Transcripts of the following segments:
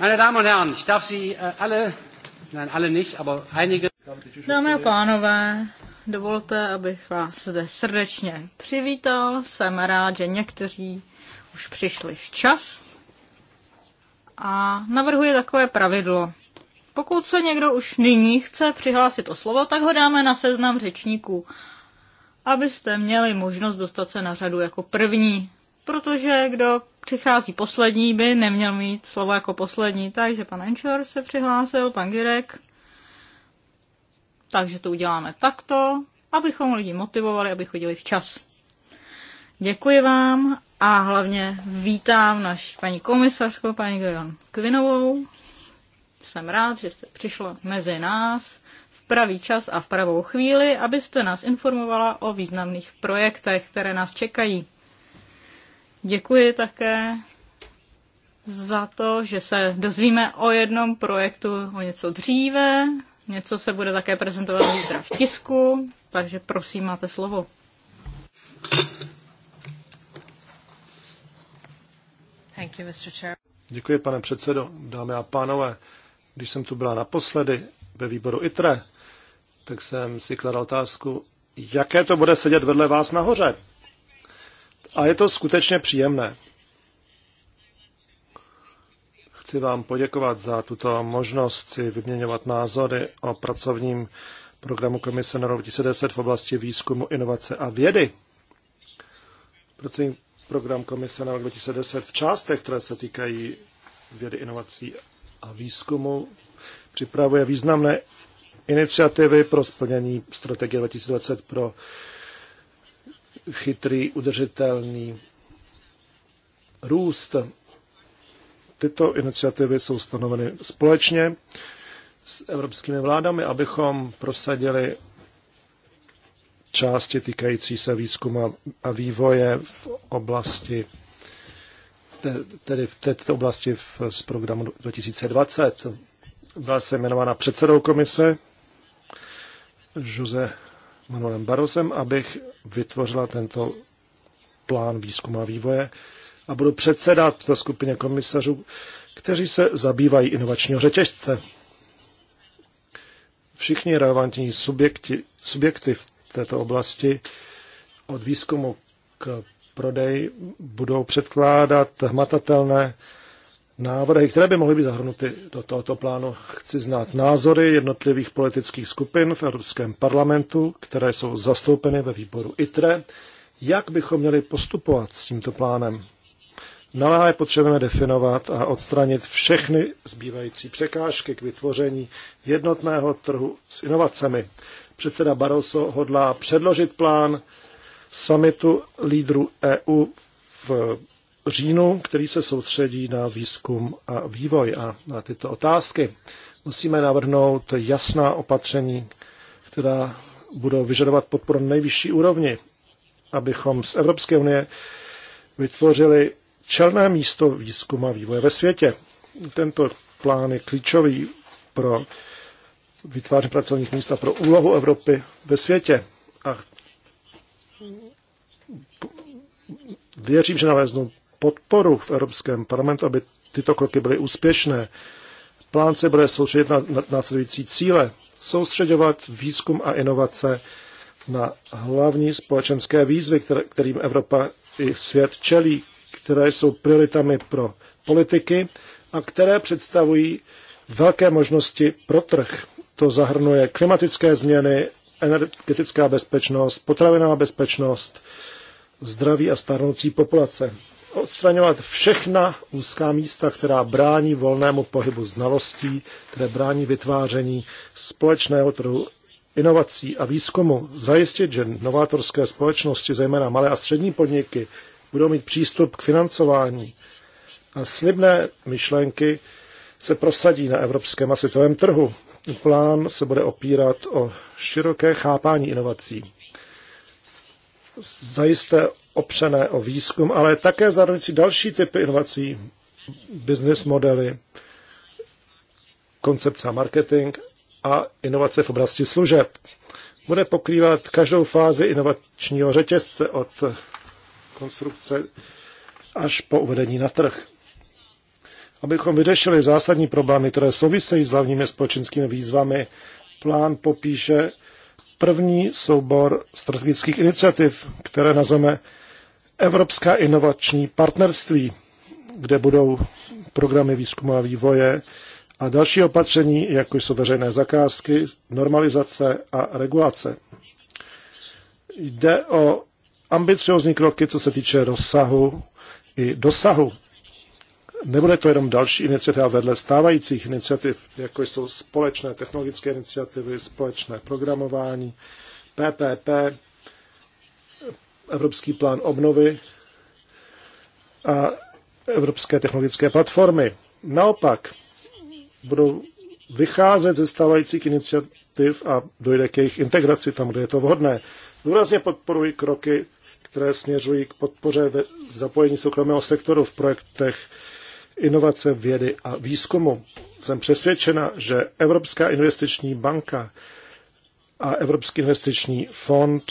Meine Damen und Herren, ich darf Sie äh, alle, nein, alle nicht, aber einige. Dámy a pánové, dovolte, abych vás zde srdečně přivítal. Jsem rád, že někteří už přišli včas. A navrhuji takové pravidlo. Pokud se někdo už nyní chce přihlásit o slovo, tak ho dáme na seznam řečníků, abyste měli možnost dostat se na řadu jako první. Protože kdo přichází poslední, by neměl mít slovo jako poslední, takže pan Enčor se přihlásil, pan Girek. Takže to uděláme takto, abychom lidi motivovali, aby chodili včas. Děkuji vám a hlavně vítám naši paní komisařku, paní Gerion Kvinovou. Jsem rád, že jste přišla mezi nás v pravý čas a v pravou chvíli, abyste nás informovala o významných projektech, které nás čekají. Děkuji také za to, že se dozvíme o jednom projektu o něco dříve. Něco se bude také prezentovat zítra v tisku, takže prosím, máte slovo. Thank you, Mr. Chair. Děkuji, pane předsedo. Dámy a pánové, když jsem tu byla naposledy ve výboru ITRE, tak jsem si kladl otázku, jaké to bude sedět vedle vás nahoře. A je to skutečně příjemné. Chci vám poděkovat za tuto možnost si vyměňovat názory o pracovním programu Komise na rok 2010 v oblasti výzkumu, inovace a vědy. Pracovní program Komise na rok 2010 v částech, které se týkají vědy, inovací a výzkumu, připravuje významné iniciativy pro splnění strategie 2020 pro chytrý, udržitelný růst. Tyto iniciativy jsou stanoveny společně s evropskými vládami, abychom prosadili části týkající se výzkumu a vývoje v oblasti tedy v této oblasti z programu 2020. Byla se jmenována předsedou komise Jose Manuelem Barosem, abych vytvořila tento plán výzkumu a vývoje a budu předsedat ta skupině komisařů, kteří se zabývají inovačního řetězce. Všichni relevantní subjekti, subjekty v této oblasti od výzkumu k prodeji budou předkládat hmatatelné návrhy, které by mohly být zahrnuty do tohoto plánu. Chci znát názory jednotlivých politických skupin v Evropském parlamentu, které jsou zastoupeny ve výboru ITRE, jak bychom měli postupovat s tímto plánem. Naléhavě potřebujeme definovat a odstranit všechny zbývající překážky k vytvoření jednotného trhu s inovacemi. Předseda Barroso hodlá předložit plán summitu lídrů EU v říjnu, který se soustředí na výzkum a vývoj a na tyto otázky. Musíme navrhnout jasná opatření, která budou vyžadovat podporu na nejvyšší úrovni, abychom z Evropské unie vytvořili čelné místo výzkumu a vývoje ve světě. Tento plán je klíčový pro vytváření pracovních míst a pro úlohu Evropy ve světě. A věřím, že naleznu podporu v Evropském parlamentu, aby tyto kroky byly úspěšné. Plán se bude soustředit na následující cíle. Soustředovat výzkum a inovace na hlavní společenské výzvy, kterým Evropa i svět čelí, které jsou prioritami pro politiky a které představují velké možnosti pro trh. To zahrnuje klimatické změny, energetická bezpečnost, potravinová bezpečnost, zdraví a starnoucí populace odstraňovat všechna úzká místa, která brání volnému pohybu znalostí, které brání vytváření společného trhu inovací a výzkumu, zajistit, že novátorské společnosti, zejména malé a střední podniky, budou mít přístup k financování a slibné myšlenky se prosadí na evropském a světovém trhu. Plán se bude opírat o široké chápání inovací zajisté opřené o výzkum, ale také zahrnující další typy inovací, business modely, koncepce a marketing a inovace v oblasti služeb. Bude pokrývat každou fázi inovačního řetězce od konstrukce až po uvedení na trh. Abychom vyřešili zásadní problémy, které souvisejí s hlavními společenskými výzvami, plán popíše první soubor strategických iniciativ, které nazveme Evropská inovační partnerství, kde budou programy výzkumu a vývoje a další opatření, jako jsou veřejné zakázky, normalizace a regulace. Jde o ambiciozní kroky, co se týče rozsahu i dosahu nebude to jenom další iniciativa vedle stávajících iniciativ, jako jsou společné technologické iniciativy, společné programování, PPP, Evropský plán obnovy a Evropské technologické platformy. Naopak, budou vycházet ze stávajících iniciativ a dojde k jejich integraci tam, kde je to vhodné. Důrazně podporuji kroky, které směřují k podpoře zapojení soukromého sektoru v projektech inovace vědy a výzkumu. Jsem přesvědčena, že Evropská investiční banka a Evropský investiční fond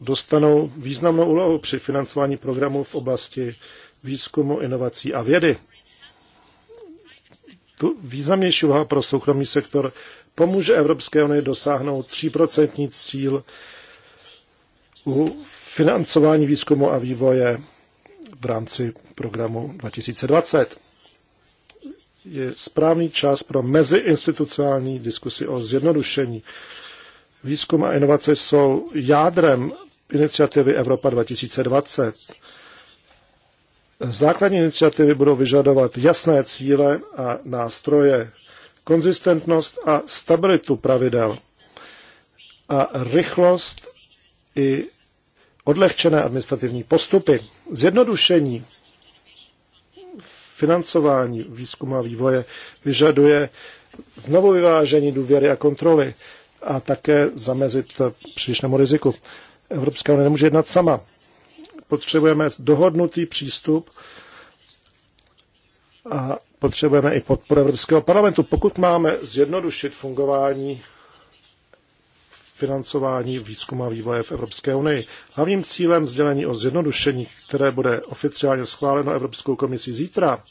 dostanou významnou úlohu při financování programů v oblasti výzkumu, inovací a vědy. Tu významnější úloha pro soukromý sektor pomůže Evropské unii dosáhnout 3% cíl u financování výzkumu a vývoje v rámci programu 2020. Je správný čas pro meziinstitucionální diskusi o zjednodušení. Výzkum a inovace jsou jádrem iniciativy Evropa 2020. Základní iniciativy budou vyžadovat jasné cíle a nástroje, konzistentnost a stabilitu pravidel a rychlost i odlehčené administrativní postupy, zjednodušení financování výzkumu a vývoje vyžaduje znovu vyvážení důvěry a kontroly a také zamezit přílišnému riziku. Evropská unie nemůže jednat sama. Potřebujeme dohodnutý přístup a potřebujeme i podporu Evropského parlamentu. Pokud máme zjednodušit fungování financování výzkumu a vývoje v Evropské unii. Hlavním cílem sdělení o zjednodušení, které bude oficiálně schváleno Evropskou komisí zítra,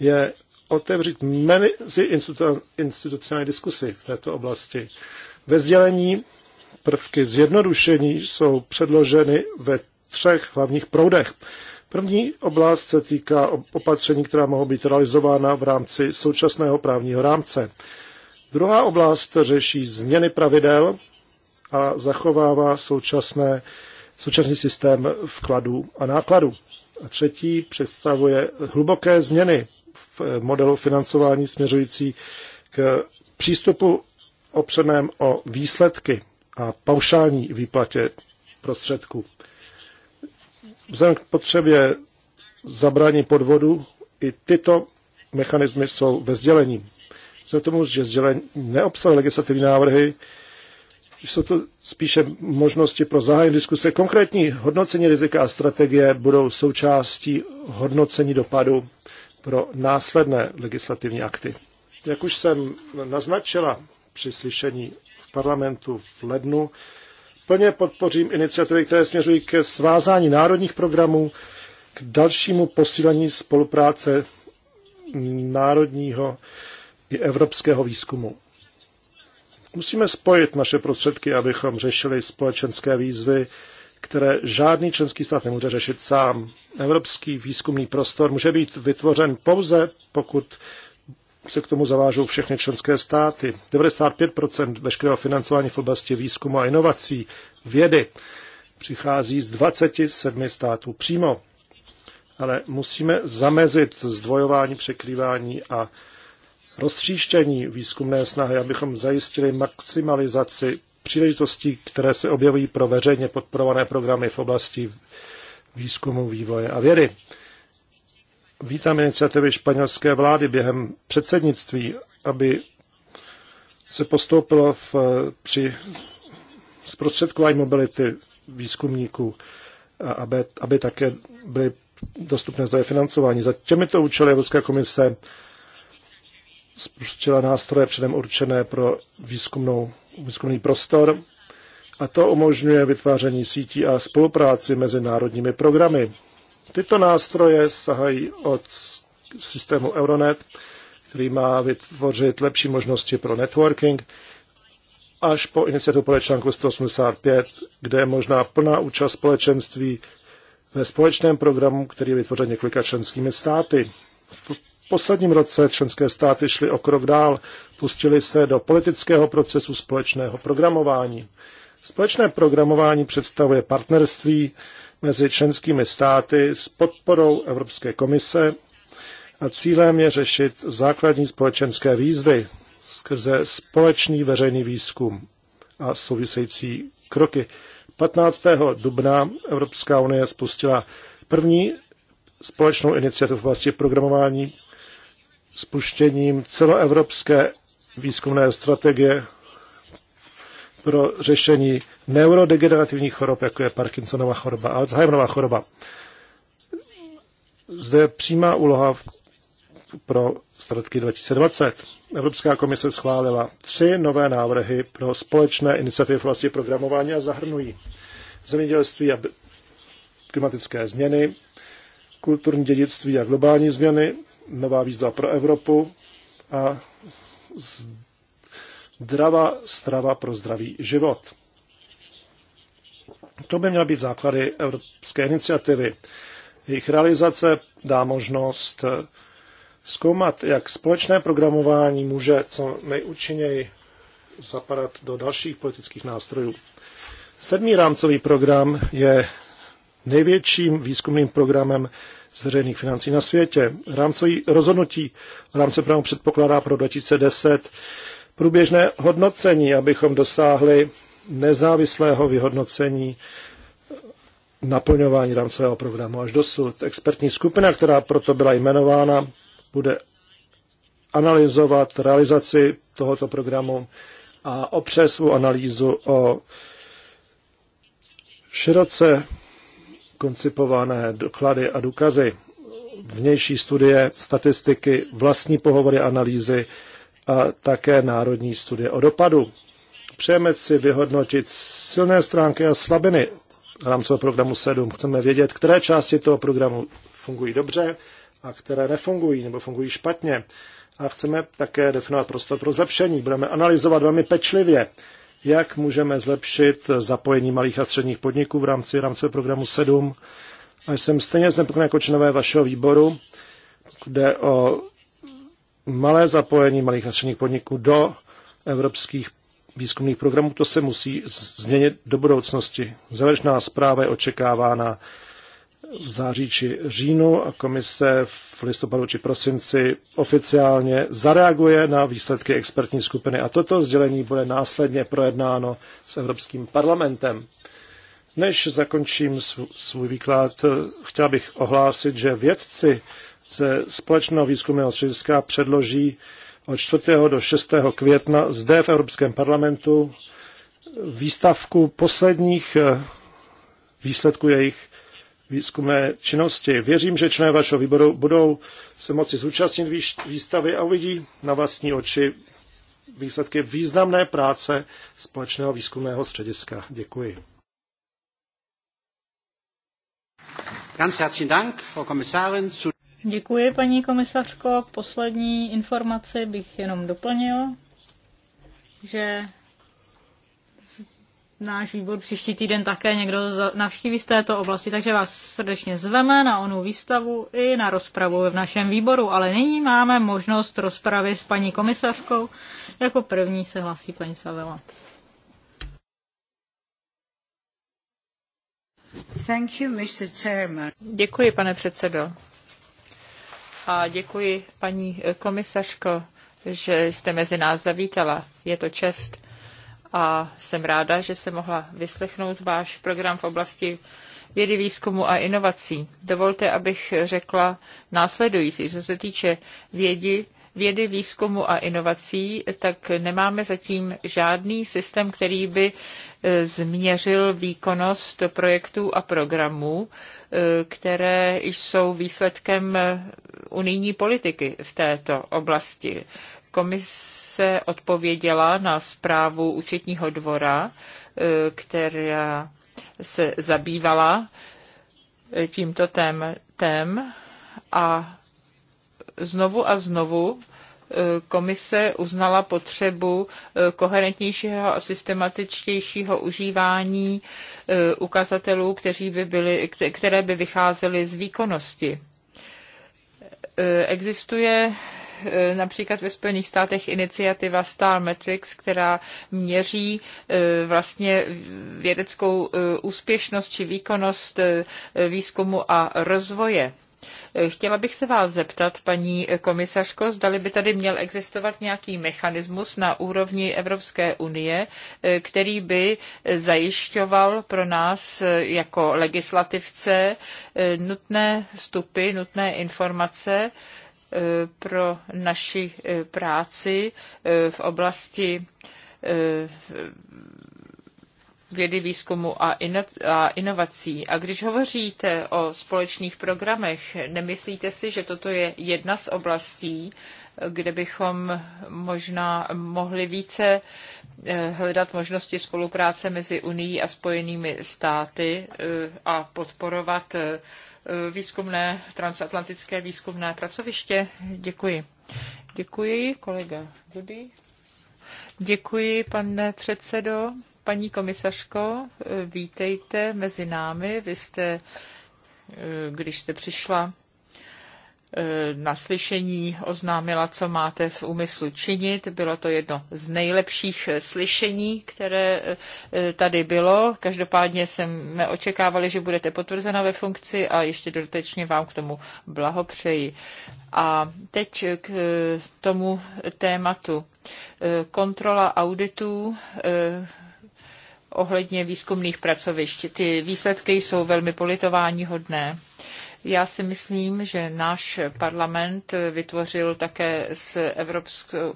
je otevřít mezi institucionální diskusy v této oblasti. Ve sdělení prvky zjednodušení jsou předloženy ve třech hlavních proudech. První oblast se týká opatření, která mohou být realizována v rámci současného právního rámce. Druhá oblast řeší změny pravidel a zachovává současné, současný systém vkladů a nákladů. A třetí představuje hluboké změny v modelu financování směřující k přístupu opřeném o výsledky a paušální výplatě prostředků. Vzhledem k potřebě zabrání podvodu i tyto mechanismy jsou ve sdělení. Vzhledem tomu, že sdělení neobsahuje legislativní návrhy, jsou to spíše možnosti pro zahájení diskuse. Konkrétní hodnocení rizika a strategie budou součástí hodnocení dopadu pro následné legislativní akty. Jak už jsem naznačila při slyšení v parlamentu v lednu, plně podpořím iniciativy, které směřují ke svázání národních programů, k dalšímu posílení spolupráce národního i evropského výzkumu. Musíme spojit naše prostředky, abychom řešili společenské výzvy, které žádný členský stát nemůže řešit sám. Evropský výzkumný prostor může být vytvořen pouze, pokud se k tomu zavážou všechny členské státy. 95 veškerého financování v oblasti výzkumu a inovací vědy přichází z 27 států přímo. Ale musíme zamezit zdvojování, překrývání a roztříštění výzkumné snahy, abychom zajistili maximalizaci příležitostí, které se objevují pro veřejně podporované programy v oblasti výzkumu, vývoje a vědy. Vítám iniciativy španělské vlády během předsednictví, aby se postoupilo v, při zprostředkování mobility výzkumníků, a aby, aby také byly dostupné zdroje financování. Za těmito účely Evropská komise spustila nástroje předem určené pro výzkumnou, výzkumný prostor a to umožňuje vytváření sítí a spolupráci mezi národními programy. Tyto nástroje sahají od systému Euronet, který má vytvořit lepší možnosti pro networking, až po iniciativu podle článku 185, kde je možná plná účast společenství ve společném programu, který je vytvořen několika členskými státy. V posledním roce členské státy šly o krok dál, pustili se do politického procesu společného programování. Společné programování představuje partnerství mezi členskými státy s podporou Evropské komise a cílem je řešit základní společenské výzvy skrze společný veřejný výzkum a související kroky. 15. dubna Evropská unie spustila první společnou iniciativu v oblasti programování spuštěním celoevropské výzkumné strategie pro řešení neurodegenerativních chorob, jako je Parkinsonova choroba, Alzheimerova choroba. Zde je přímá úloha pro strategii 2020. Evropská komise schválila tři nové návrhy pro společné iniciativy v oblasti programování a zahrnují zemědělství a klimatické změny, kulturní dědictví a globální změny, nová výzva pro Evropu a zdravá strava pro zdravý život. To by měly být základy evropské iniciativy. Jejich realizace dá možnost eh, zkoumat, jak společné programování může co nejúčinněji zapadat do dalších politických nástrojů. Sedmý rámcový program je největším výzkumným programem z veřejných financí na světě. Rámcový rozhodnutí rámce programu předpokládá pro 2010 průběžné hodnocení, abychom dosáhli nezávislého vyhodnocení naplňování rámcového programu až dosud. Expertní skupina, která proto byla jmenována, bude analyzovat realizaci tohoto programu a opře svou analýzu o široce koncipované doklady a důkazy, vnější studie, statistiky, vlastní pohovory, analýzy a také národní studie o dopadu. Přejeme si vyhodnotit silné stránky a slabiny rámcového programu 7. Chceme vědět, které části toho programu fungují dobře a které nefungují nebo fungují špatně. A chceme také definovat prostor pro zlepšení. Budeme analyzovat velmi pečlivě jak můžeme zlepšit zapojení malých a středních podniků v rámci rámcového programu 7. A jsem stejně znepokojen jako členové vašeho výboru, kde o malé zapojení malých a středních podniků do evropských výzkumných programů. To se musí změnit do budoucnosti. Závěrečná zpráva je očekávána v září či říjnu a komise v listopadu či prosinci oficiálně zareaguje na výsledky expertní skupiny a toto sdělení bude následně projednáno s Evropským parlamentem. Než zakončím svůj výklad, chtěl bych ohlásit, že vědci ze společného výzkumného střediska předloží od 4. do 6. května zde v Evropském parlamentu výstavku posledních eh, výsledků jejich výzkumné činnosti. Věřím, že členové vašeho výboru budou se moci zúčastnit výstavy a uvidí na vlastní oči výsledky významné práce společného výzkumného střediska. Děkuji. Děkuji, paní komisařko. Poslední informaci bych jenom doplnil, že náš výbor příští týden také někdo navštíví z této oblasti, takže vás srdečně zveme na onu výstavu i na rozpravu v našem výboru. Ale nyní máme možnost rozpravy s paní komisařkou. Jako první se hlasí paní Savela. Thank you, Mr. Chairman. Děkuji, pane předsedo. A děkuji, paní komisařko, že jste mezi nás zavítala. Je to čest a jsem ráda, že jsem mohla vyslechnout váš program v oblasti vědy, výzkumu a inovací. Dovolte, abych řekla následující. Co se týče vědy, vědy, výzkumu a inovací, tak nemáme zatím žádný systém, který by e, změřil výkonnost projektů a programů, e, které jsou výsledkem e, unijní politiky v této oblasti. Komise odpověděla na zprávu účetního dvora, eh, která se zabývala eh, tímto tématem a znovu a znovu eh, komise uznala potřebu koherentnějšího a systematičtějšího užívání ukazatelů, kteří by byly, které by vycházely z výkonnosti. Existuje Eh, například ve Spojených státech iniciativa Star Metrics, která měří eh, vlastně vědeckou eh, úspěšnost či výkonnost výzkumu a rozvoje. Chtěla bych se vás zeptat, paní komisařko, zdali by tady měl existovat nějaký mechanismus na úrovni Evropské unie, který by zajišťoval pro nás jako legislativce nutné vstupy, nutné informace, Eh, pro naši eh, práci eh, v oblasti vědy, výzkumu a, a inovací. A když hovoříte o společných programech, nemyslíte si, že toto je jedna z oblastí, kde bychom možná mohli více hledat možnosti spolupráce mezi Unii a Spojenými státy a podporovat Eh, výzkumné, transatlantické výzkumné pracoviště. Děkuji. Děkuji, kolega Dudy. Děkuji, pane předsedo. Paní komisařko, eh, vítejte mezi námi. Vy jste, eh, když jste přišla Eh, na slyšení oznámila, co máte v úmyslu činit. Bylo to jedno z nejlepších eh, slyšení, které eh, tady bylo. Každopádně jsme očekávali, že budete potvrzena ve funkci a ještě dodatečně vám k tomu blahopřeji. A teď k tomu tématu. Kontrola auditů ohledně výzkumných pracovišť. Ty výsledky jsou velmi politováníhodné já si myslím, že náš parlament vytvořil také s Evropskou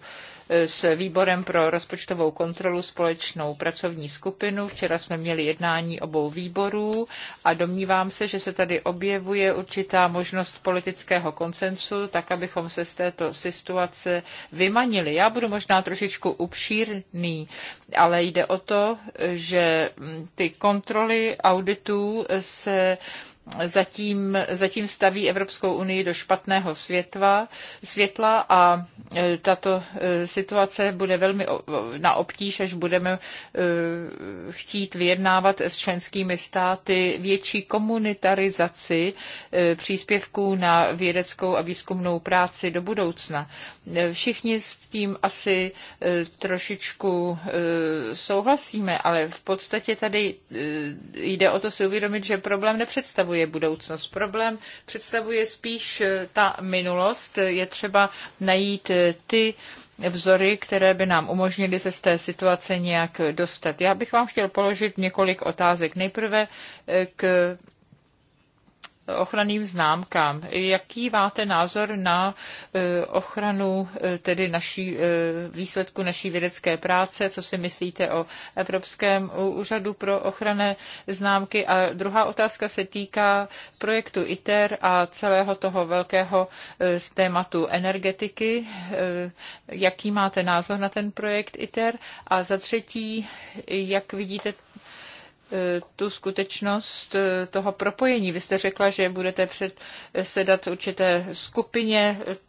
s výborem pro rozpočtovou kontrolu společnou pracovní skupinu. Včera jsme měli jednání obou výborů a domnívám se, že se tady objevuje určitá možnost politického koncensu, tak abychom se z této situace vymanili. Já budu možná trošičku upšírný, ale jde o to, že ty kontroly auditů se zatím, zatím staví Evropskou unii do špatného světla, světla a e, tato e, situace bude velmi na obtíž, až budeme e, chtít vyjednávat s členskými státy větší komunitarizaci příspěvků na vědeckou a výzkumnou práci do budoucna. Všichni s tím asi trošičku souhlasíme, ale v podstatě tady jde o to si uvědomit, že problém nepředstavuje představuje budoucnost. Problém představuje spíš eh, ta minulost. Je třeba najít eh, ty vzory, které by nám umožnily se z té situace nějak dostat. Já bych vám chtěl položit několik otázek. Nejprve eh, k ochranným známkám. Jaký máte názor na eh, ochranu eh, tedy naší, eh, výsledku naší vědecké práce? Co si myslíte o Evropském úřadu pro ochranné známky? A druhá otázka se týká projektu ITER a celého toho velkého z tématu energetiky. Jaký máte názor na ten projekt ITER? A za třetí, jak vidíte Eh, tu skutečnost eh, toho propojení. Vy jste řekla, že budete předsedat určité skupině eh,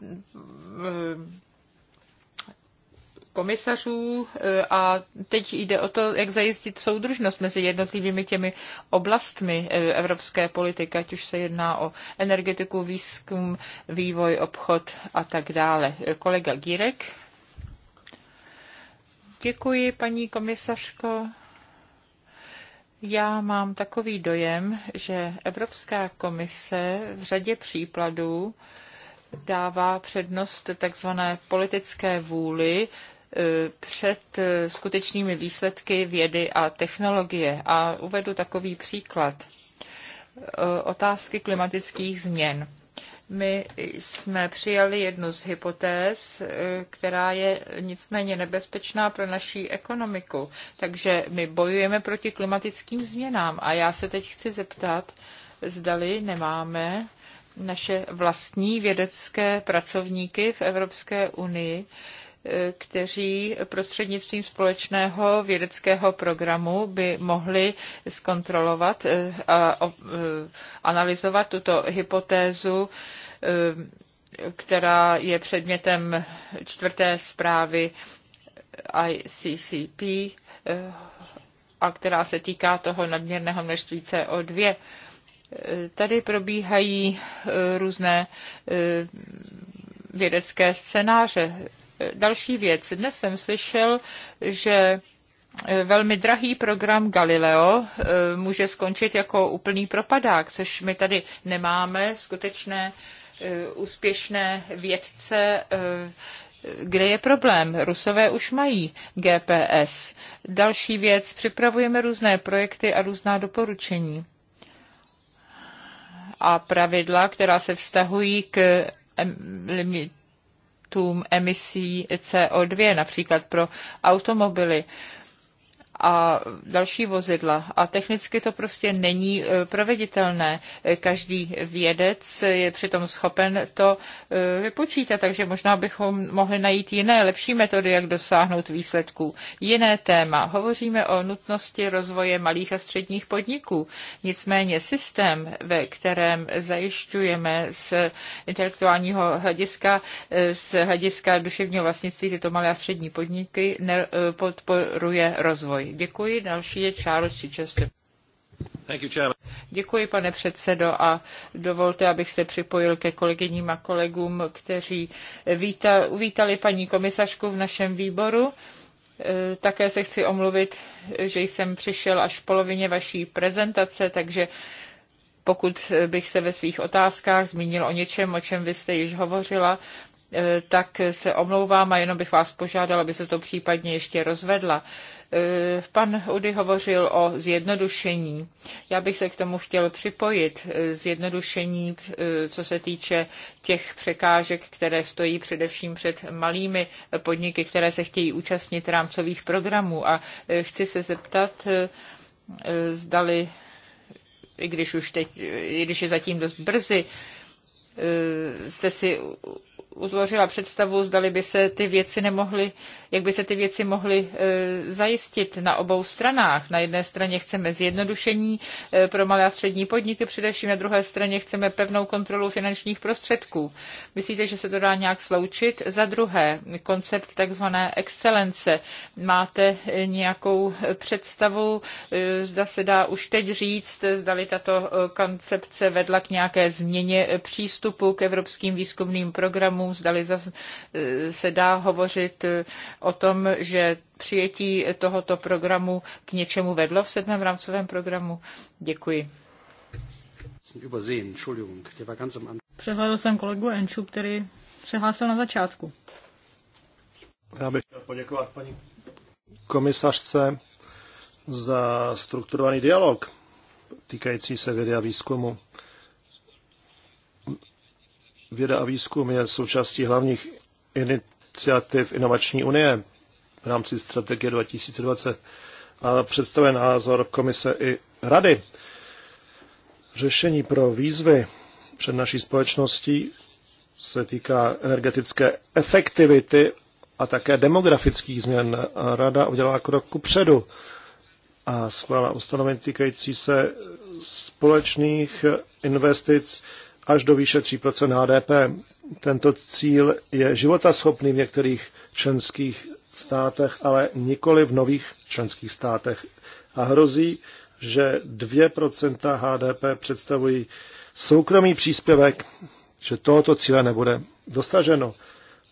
komisařů a teď jde o to, jak zajistit soudržnost mezi jednotlivými těmi oblastmi evropské politiky, ať už se jedná o energetiku, výzkum, vývoj, obchod a tak dále. Kolega Gírek. Děkuji, paní komisařko. Já mám takový dojem, že Evropská komise v řadě případů dává přednost takzvané politické vůli e, před e, skutečnými výsledky vědy a technologie. A uvedu takový příklad. E, otázky klimatických změn. My jsme přijali jednu z hypotéz, eh, která je nicméně nebezpečná pro naší ekonomiku. Takže my bojujeme proti klimatickým změnám. A já se teď chci zeptat, zdali nemáme naše vlastní vědecké pracovníky v Evropské unii, eh, kteří prostřednictvím společného vědeckého programu by mohli zkontrolovat eh, a analyzovat tuto hypotézu Eh, která je předmětem čtvrté zprávy ICCP eh, a která se týká toho nadměrného množství CO2. Eh, tady probíhají různé vědecké scénáře. Další věc. Dnes jsem slyšel, že velmi drahý program Galileo může skončit jako úplný propadák, což my tady nemáme skutečné Eh, úspěšné vědce, eh, kde je problém? Rusové už mají GPS. Další věc, připravujeme různé projekty a různá doporučení a pravidla, která se vztahují k limitům emisí CO2, například pro automobily a další vozidla. A technicky to prostě není e, proveditelné. Každý vědec je přitom schopen to e, vypočítat, takže možná bychom mohli najít jiné, lepší metody, jak dosáhnout výsledků. Jiné téma. Hovoříme o nutnosti rozvoje malých a středních podniků. Nicméně systém, ve kterém zajišťujeme z intelektuálního hlediska, e, z hlediska duševního vlastnictví tyto malé a střední podniky, podporuje rozvoj Děkuji. Další je Charles Chichester. Děkuji, pane předsedo, a dovolte, abych se připojil ke kolegyním a kolegům, kteří víta, uvítali paní komisařku v našem výboru. E, také se chci omluvit, že jsem přišel až v polovině vaší prezentace, takže pokud bych se ve svých otázkách zmínil o něčem, o čem vy jste již hovořila, e, tak se omlouvám a jenom bych vás požádala, aby se to případně ještě rozvedla. Eh, pan Udy hovořil o zjednodušení. Já bych se k tomu chtěl připojit. Eh, zjednodušení, eh, co se týče těch překážek, které stojí především před malými podniky, které se chtějí účastnit rámcových programů. A chci se zeptat, zdali, i když už teď, i když je zatím dost brzy, jste si utvořila představu, zdali by se ty věci nemohly, jak by se ty věci mohly e, zajistit na obou stranách. Na jedné straně chceme zjednodušení e, pro malé a střední podniky, především na druhé straně chceme pevnou kontrolu finančních prostředků. Myslíte, že se to dá nějak sloučit? Za druhé, koncept takzvané excelence. Máte nějakou představu, e, zda se dá už teď říct, zdali tato koncepce vedla k nějaké změně přístupu k evropským výzkumným programům problémů, zdali zas, eh, se dá hovořit eh, o tom, že přijetí tohoto programu k něčemu vedlo v sedmém rámcovém programu. Děkuji. Přehlédl jsem kolegu Enču, který se hlásil na začátku. Já bych chtěl poděkovat paní komisařce za strukturovaný dialog týkající se vědy a výzkumu. Věda a výzkum je součástí hlavních iniciativ Inovační unie v rámci strategie 2020 a představuje názor komise i rady. Řešení pro výzvy před naší společností se týká energetické efektivity a také demografických změn. rada udělala krok ku předu a schválila ustanovení týkající se společných investic až do výše 3 HDP. Tento cíl je životaschopný v některých členských státech, ale nikoli v nových členských státech. A hrozí, že 2 HDP představují soukromý příspěvek, že tohoto cíle nebude dosaženo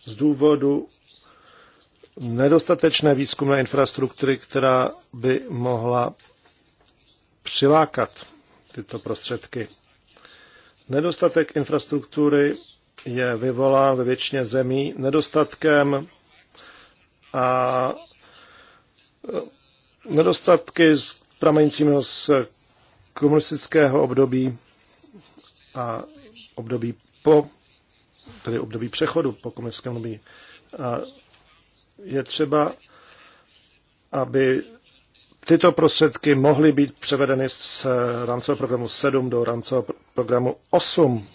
z důvodu nedostatečné výzkumné infrastruktury, která by mohla přilákat tyto prostředky. Nedostatek infrastruktury je vyvolán ve většině zemí nedostatkem a e, nedostatky z pramenícími z komunistického období a období po, tedy období přechodu po komunistickém období. A je třeba, aby Tyto prostředky mohly být převedeny z eh, rámcového programu 7 do rámcového programu 8.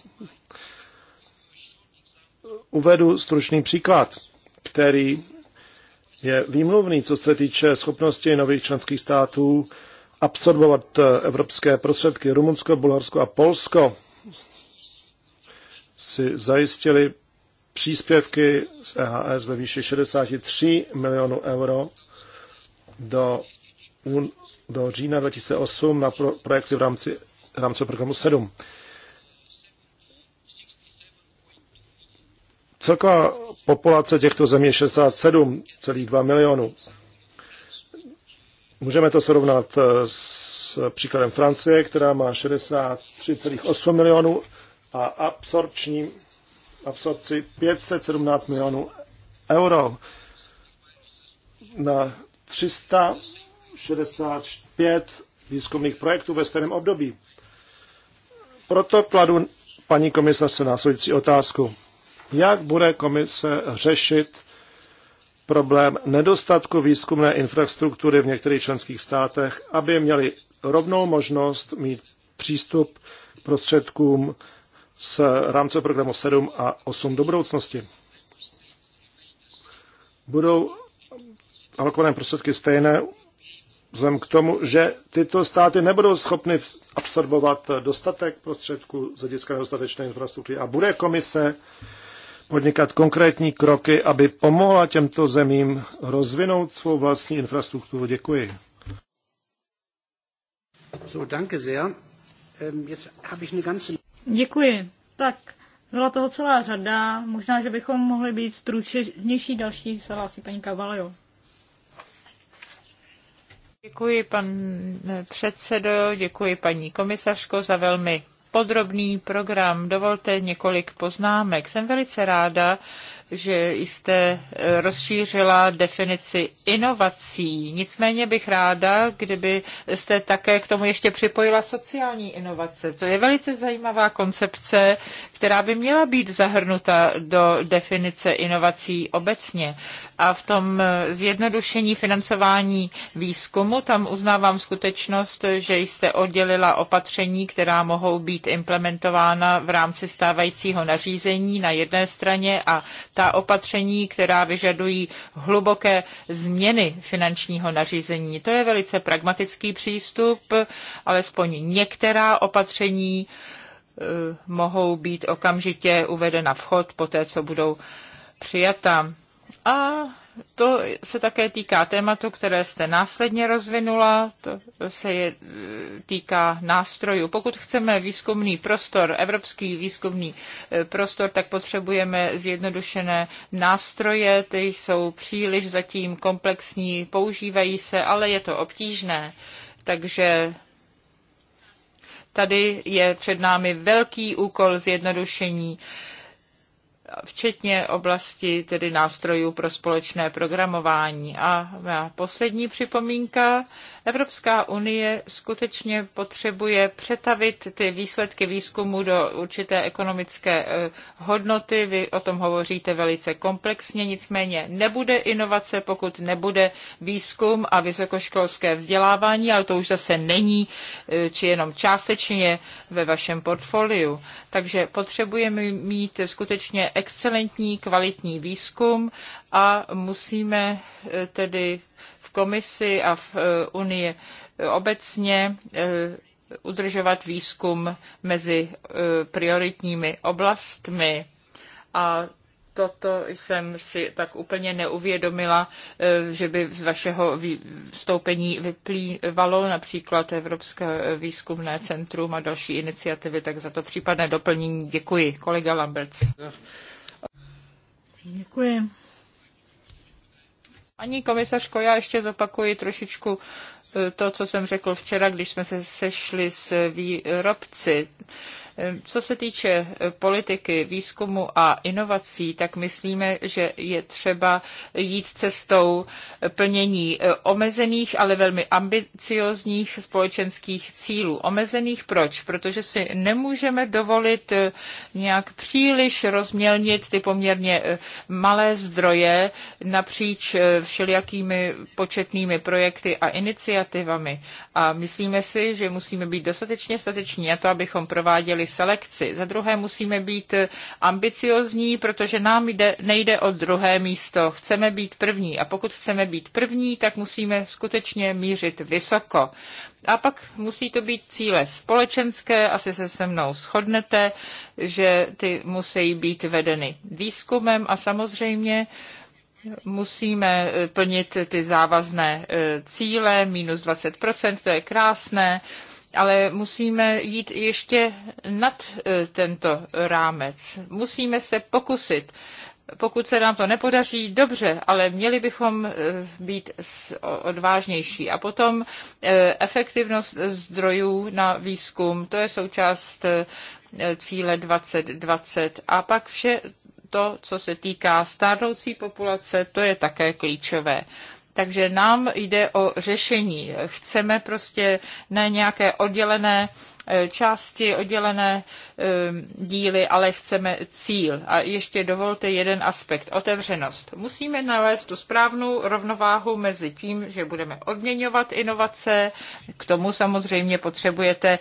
Uvedu stručný příklad, který je výmluvný, co se týče schopnosti nových členských států absorbovat eh, evropské prostředky. Rumunsko, Bulharsko a Polsko si zajistili příspěvky z EHS ve výši 63 milionů euro do do října 2008 na pro, projekty v rámci v rámci programu 7. Celková populace těchto zemí je 67,2 milionů. Můžeme to srovnat eh, s příkladem Francie, která má 63,8 milionů a absorpční, absorpci 517 milionů euro na 300 65 výzkumných projektů ve stejném období. Proto kladu paní komisařce následující otázku. Jak bude komise řešit problém nedostatku výzkumné infrastruktury v některých členských státech, aby měli rovnou možnost mít přístup k prostředkům z rámce programu 7 a 8 do budoucnosti. Budou alokované prostředky stejné vzhledem k tomu, že tyto státy nebudou schopny absorbovat dostatek prostředků z hlediska nedostatečné infrastruktury. A bude komise podnikat konkrétní kroky, aby pomohla těmto zemím rozvinout svou vlastní infrastrukturu. Děkuji. So, danke sehr. Ähm, jetzt habe ich eine ganze... Děkuji. Tak, byla toho celá řada. Možná, že bychom mohli být stručnější. Další se hlásí paní Kavalio. Děkuji, pan předsedo, děkuji, paní komisařko, za velmi podrobný program. Dovolte několik poznámek. Jsem velice ráda, že jste eh, rozšířila definici inovací. Nicméně bych ráda, kdyby jste také k tomu ještě připojila sociální inovace, co je velice zajímavá koncepce, která by měla být zahrnuta do definice inovací obecně. A v tom eh, zjednodušení financování výzkumu, tam uznávám skutečnost, že jste oddělila opatření, která mohou být implementována v rámci stávajícího nařízení na jedné straně a ta opatření, která vyžadují hluboké změny finančního nařízení. To je velice pragmatický přístup, alespoň některá opatření eh, mohou být okamžitě uvedena v chod po té, co budou přijata. A to se také týká tématu, které jste následně rozvinula, to se je, týká nástrojů. Pokud chceme výzkumný prostor, evropský výzkumný eh, prostor, tak potřebujeme zjednodušené nástroje, ty jsou příliš zatím komplexní, používají se, ale je to obtížné. Takže tady je před námi velký úkol zjednodušení včetně oblasti tedy nástrojů pro společné programování. A má poslední připomínka Evropská unie skutečně potřebuje přetavit ty výsledky výzkumu do určité ekonomické eh, hodnoty. Vy o tom hovoříte velice komplexně, nicméně nebude inovace, pokud nebude výzkum a vysokoškolské vzdělávání, ale to už zase není, eh, či jenom částečně ve vašem portfoliu. Takže potřebujeme mít skutečně excelentní, kvalitní výzkum a musíme eh, tedy komisi a v eh, Unii obecně eh, udržovat výzkum mezi eh, prioritními oblastmi. A toto jsem si tak úplně neuvědomila, že by z vašeho vstoupení vyplývalo například Evropské výzkumné centrum a další iniciativy, tak za to případné doplnění děkuji. Kolega Lamberts. Děkuji. Paní komisařko, já ještě zopakuji trošičku eh, to, co jsem řekl včera, když jsme se sešli s výrobci. Co se týče eh, politiky, výzkumu a inovací, tak myslíme, že je třeba jít cestou eh, plnění eh, omezených, ale velmi ambiciozních společenských cílů. Omezených proč? Protože si nemůžeme dovolit nějak příliš rozmělnit ty poměrně malé zdroje napříč všelijakými početnými projekty a iniciativami. A myslíme si, že musíme být dostatečně stateční na to, abychom prováděli udělali selekci. Za druhé musíme být ambiciozní, protože nám jde, nejde o druhé místo. Chceme být první a pokud chceme být první, tak musíme skutečně mířit vysoko. A pak musí to být cíle společenské, asi se se mnou shodnete, že ty musí být vedeny výzkumem a samozřejmě musíme plnit ty závazné e, cíle, minus 20%, to je krásné, ale musíme jít ještě nad e, tento rámec. Musíme se pokusit. Pokud se nám to nepodaří, dobře, ale měli bychom e, být odvážnější. A potom e, efektivnost zdrojů na výzkum, to je součást cíle 2020. A pak vše to, co se týká stárnoucí populace, to je také klíčové. Takže nám jde o řešení. Chceme prostě ne nějaké oddělené Eh, části, oddělené eh, díly, ale chceme cíl. A ještě dovolte jeden aspekt, otevřenost. Musíme nalézt tu správnou rovnováhu mezi tím, že budeme odměňovat inovace, k tomu samozřejmě potřebujete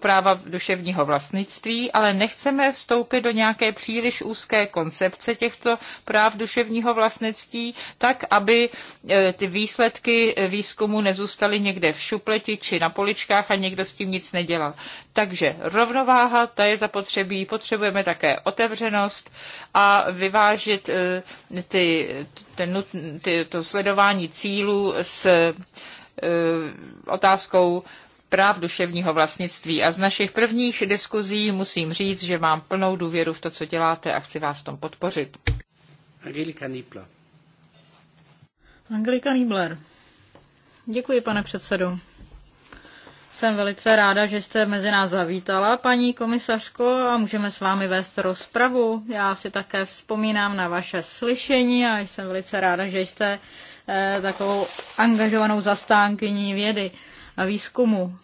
práva duševního vlastnictví, ale nechceme vstoupit do nějaké příliš úzké koncepce těchto práv duševního vlastnictví, tak, aby eh, ty výsledky výzkumu nezůstaly někde v šupleti či na poličkách a někdo s tím nic nedělal. Takže rovnováha, ta je zapotřebí, potřebujeme také otevřenost a vyvážit eh, ty, ten, ty, to sledování cílů s eh, otázkou práv duševního vlastnictví. A z našich prvních diskuzí musím říct, že mám plnou důvěru v to, co děláte a chci vás v tom podpořit. Angelika Nibler. Angelika Nibler. Děkuji, pane předsedo. Jsem velice ráda, že jste mezi nás zavítala, paní komisařko, a můžeme s vámi vést rozpravu. Já si také vzpomínám na vaše slyšení a jsem velice ráda, že jste eh, takovou angažovanou zastánkyní vědy a výzkumu.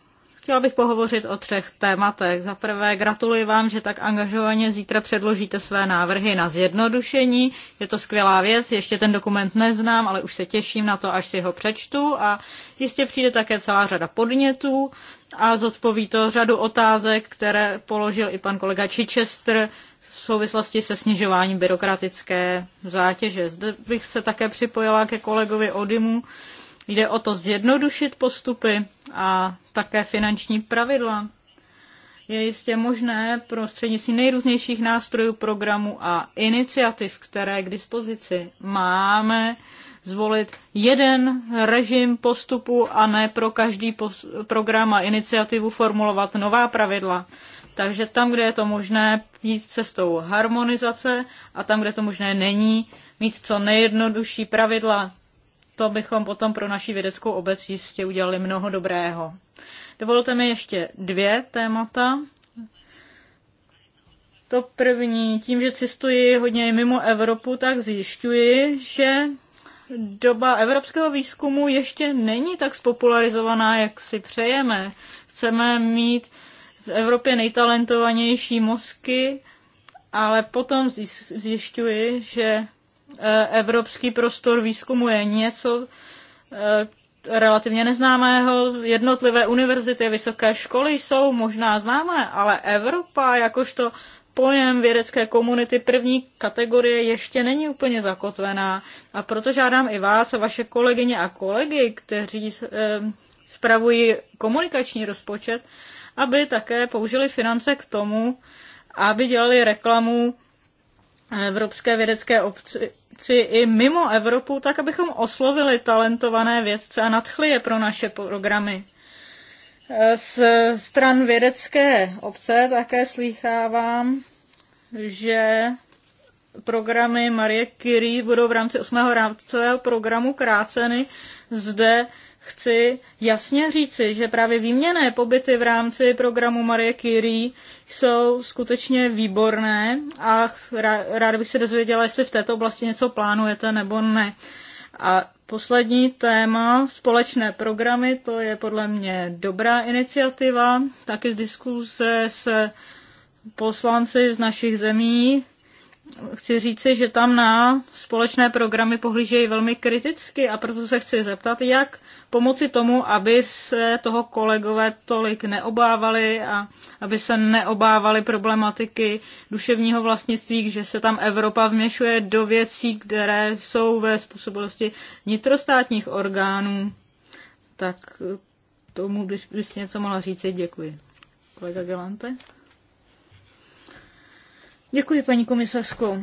Chtěla bych pohovořit o třech tématech. Za prvé gratuluji vám, že tak angažovaně zítra předložíte své návrhy na zjednodušení. Je to skvělá věc, ještě ten dokument neznám, ale už se těším na to, až si ho přečtu a jistě přijde také celá řada podnětů a zodpoví to řadu otázek, které položil i pan kolega Chichester v souvislosti se snižováním byrokratické zátěže. Zde bych se také připojila ke kolegovi Odimu, Jde o to zjednodušit postupy a také finanční pravidla. Je jistě možné prostřednictvím nejrůznějších nástrojů, programů a iniciativ, které k dispozici máme, zvolit jeden režim postupu a ne pro každý program a iniciativu formulovat nová pravidla. Takže tam, kde je to možné, jít cestou harmonizace a tam, kde to možné není, mít co nejjednodušší pravidla to bychom potom pro naši vědeckou obec jistě udělali mnoho dobrého. Dovolte mi ještě dvě témata. To první, tím, že cestuji hodně mimo Evropu, tak zjišťuji, že doba evropského výzkumu ještě není tak spopularizovaná, jak si přejeme. Chceme mít v Evropě nejtalentovanější mozky, ale potom zjišťuji, že Eh, evropský prostor výzkumu je něco eh, relativně neznámého. Jednotlivé univerzity, vysoké školy jsou možná známé, ale Evropa jakožto pojem vědecké komunity první kategorie ještě není úplně zakotvená. A proto žádám i vás a vaše kolegyně a kolegy, kteří eh, spravují komunikační rozpočet, aby také použili finance k tomu, aby dělali reklamu evropské vědecké obci i mimo Evropu, tak abychom oslovili talentované vědce a nadchli je pro naše programy. Z stran vědecké obce také slýchávám, že programy Marie Curie budou v rámci 8. rámcového programu kráceny. Zde chci jasně říci, že právě výměné pobyty v rámci programu Marie Curie jsou skutečně výborné a ráda bych se dozvěděla, jestli v této oblasti něco plánujete nebo ne. A poslední téma, společné programy, to je podle mě dobrá iniciativa, taky z diskuse s poslanci z našich zemí chci říci, že tam na společné programy pohlížejí velmi kriticky a proto se chci zeptat, jak pomoci tomu, aby se toho kolegové tolik neobávali a aby se neobávali problematiky duševního vlastnictví, že se tam Evropa vměšuje do věcí, které jsou ve způsobilosti vnitrostátních orgánů. Tak tomu, když byste něco mohla říci, děkuji. Kolega Galante? Děkuji, paní komisařko.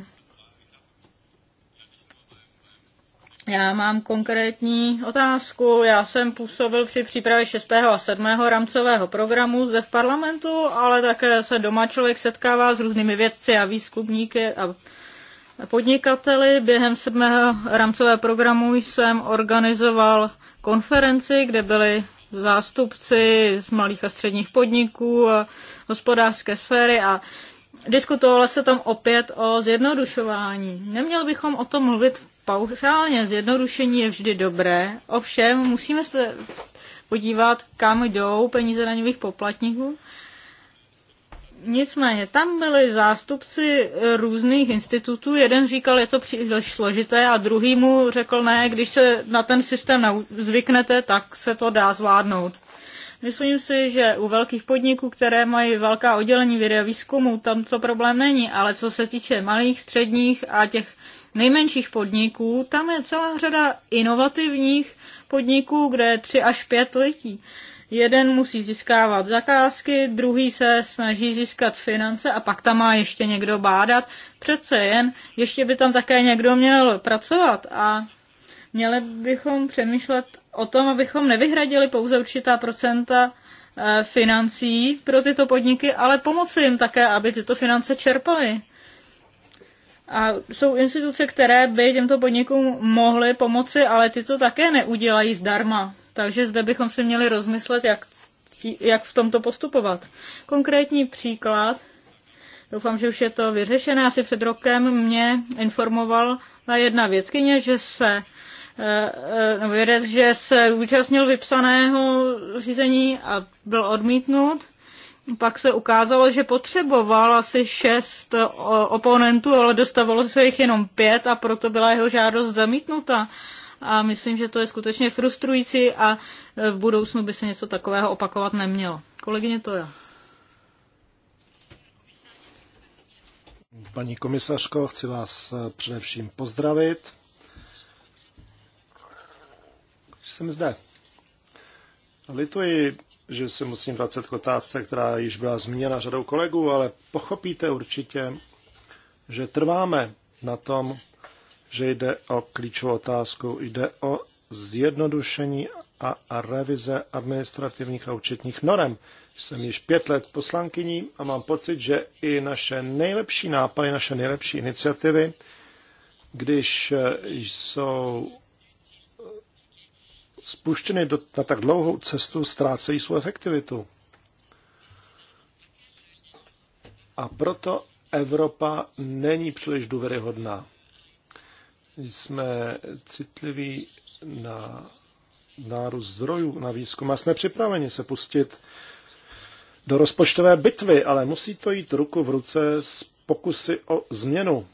Já mám konkrétní otázku. Já jsem působil při přípravě 6. a 7. rámcového programu zde v parlamentu, ale také se doma člověk setkává s různými vědci a výzkumníky a podnikateli. Během 7. rámcového programu jsem organizoval konferenci, kde byli zástupci z malých a středních podniků a hospodářské sféry a Diskutovalo se tam opět o zjednodušování. Neměli bychom o tom mluvit paušálně. Zjednodušení je vždy dobré, ovšem musíme se podívat, kam jdou peníze daňových poplatníků. Nicméně, tam byli zástupci eh, různých institutů. Jeden říkal, je to příliš složité a druhý mu řekl, ne, když se na ten systém zvyknete, tak se to dá zvládnout. Myslím si, že u velkých podniků, které mají velká oddělení vědy a výzkumu, tam to problém není, ale co se týče malých, středních a těch nejmenších podniků, tam je celá řada inovativních podniků, kde je tři až pět lidí. Jeden musí získávat zakázky, druhý se snaží získat finance a pak tam má ještě někdo bádat. Přece jen, ještě by tam také někdo měl pracovat a měli bychom přemýšlet o tom, abychom nevyhradili pouze určitá procenta eh, financí pro tyto podniky, ale pomoci jim také, aby tyto finance čerpaly. A jsou instituce, které by těmto podnikům mohly pomoci, ale ty to také neudělají zdarma. Takže zde bychom si měli rozmyslet, jak, jak v tomto postupovat. Konkrétní příklad, doufám, že už je to vyřešené, asi před rokem mě informovala jedna vědkyně, že se nebo vědec, že se účastnil vypsaného řízení a byl odmítnut. Pak se ukázalo, že potřeboval asi šest oponentů, ale dostavilo se jich jenom pět a proto byla jeho žádost zamítnuta. A myslím, že to je skutečně frustrující a v budoucnu by se něco takového opakovat nemělo. Kolegyně to je. Paní komisařko, chci vás především pozdravit jsem zde. Lituji, že se musím vracet k otázce, která již byla zmíněna řadou kolegů, ale pochopíte určitě, že trváme na tom, že jde o klíčovou otázku. Jde o zjednodušení a, a revize administrativních a účetních norem. Jsem již pět let poslankyní a mám pocit, že i naše nejlepší nápady, naše nejlepší iniciativy, když jsou spuštěny do, na tak dlouhou cestu, ztrácejí svou efektivitu. A proto Evropa není příliš důvěryhodná. Jsme citliví na nárůst zdrojů na výzkum a jsme připraveni se pustit do rozpočtové bitvy, ale musí to jít ruku v ruce s pokusy o změnu.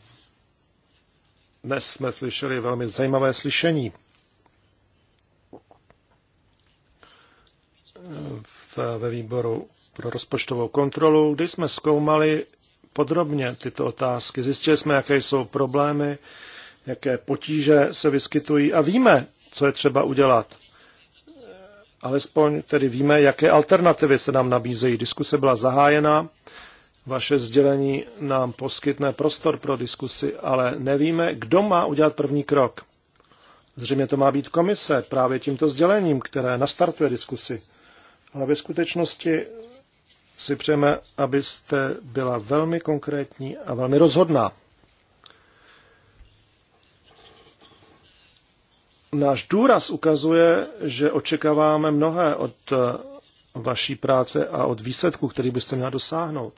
Dnes jsme slyšeli velmi zajímavé slyšení E, ve výboru pro rozpočtovou kontrolu, kdy jsme zkoumali podrobně tyto otázky. Zjistili jsme, jaké jsou problémy, jaké potíže se vyskytují a víme, co je třeba udělat. Alespoň tedy víme, jaké alternativy se nám nabízejí. Diskuse byla zahájena, vaše sdělení nám poskytne prostor pro diskusi, ale nevíme, kdo má udělat první krok. Zřejmě to má být komise právě tímto sdělením, které nastartuje diskusi ale ve skutečnosti si přejeme, abyste byla velmi konkrétní a velmi rozhodná. Náš důraz ukazuje, že očekáváme mnohé od eh, vaší práce a od výsledku, který byste měla dosáhnout.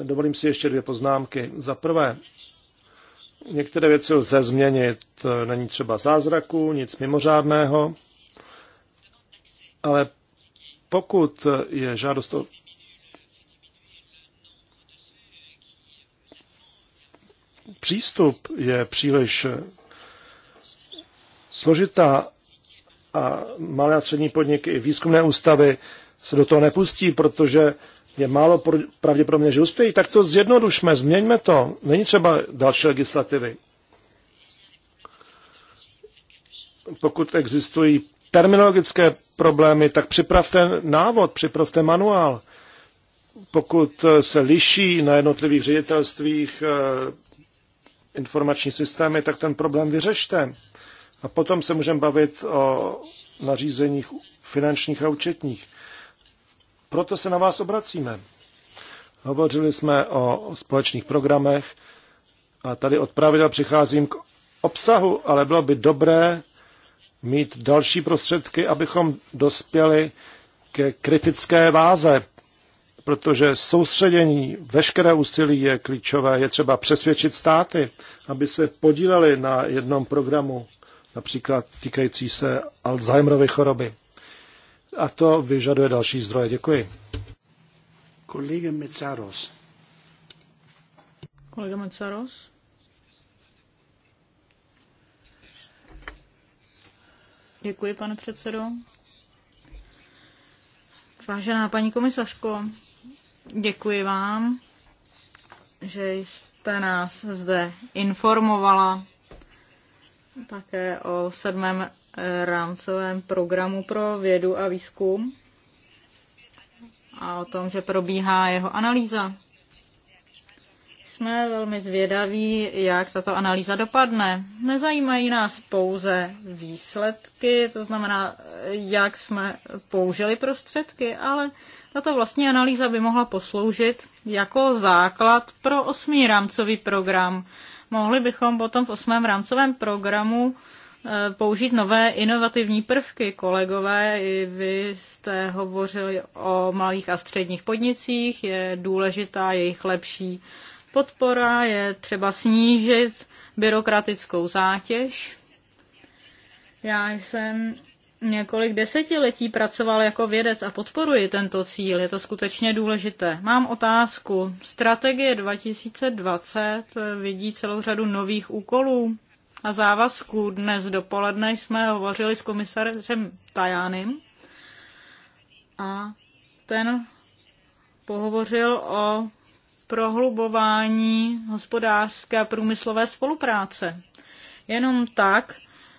Eh, dovolím si ještě dvě poznámky. Za prvé, některé věci lze změnit. Eh, není třeba zázraku, nic mimořádného, ale pokud je žádost o přístup je příliš složitá a malé a střední podniky i výzkumné ústavy se do toho nepustí, protože je málo pravděpodobně, že uspějí, tak to zjednodušme, změňme to. Není třeba další legislativy. Pokud existují terminologické problémy, tak připravte návod, připravte manuál. Pokud eh, se liší na jednotlivých ředitelstvích eh, informační systémy, tak ten problém vyřešte. A potom se můžeme bavit o nařízeních finančních a účetních. Proto se na vás obracíme. Hovořili jsme o společných programech a tady od pravidel přicházím k obsahu, ale bylo by dobré mít další prostředky, abychom dospěli ke kritické váze, protože soustředění, veškeré úsilí je klíčové. Je třeba přesvědčit státy, aby se podíleli na jednom programu, například týkající se Alzheimerovy choroby. A to vyžaduje další zdroje. Děkuji. Kolega Mecaros. Kolega Mecaros. Děkuji, pane předsedo. Vážená paní komisařko, děkuji vám, že jste nás zde informovala také o sedmém eh, rámcovém programu pro vědu a výzkum a o tom, že probíhá jeho analýza jsme velmi zvědaví, jak tato analýza dopadne. Nezajímají nás pouze výsledky, to znamená, jak jsme použili prostředky, ale tato vlastní analýza by mohla posloužit jako základ pro osmý rámcový program. Mohli bychom potom v osmém rámcovém programu e, použít nové inovativní prvky. Kolegové, i vy jste hovořili o malých a středních podnicích, je důležitá jejich lepší podpora, je třeba snížit byrokratickou zátěž. Já jsem několik desetiletí pracoval jako vědec a podporuji tento cíl. Je to skutečně důležité. Mám otázku. Strategie 2020 eh, vidí celou řadu nových úkolů a závazků. Dnes dopoledne jsme hovořili s komisařem Tajánem a ten pohovořil o prohlubování hospodářské a průmyslové spolupráce. Jenom tak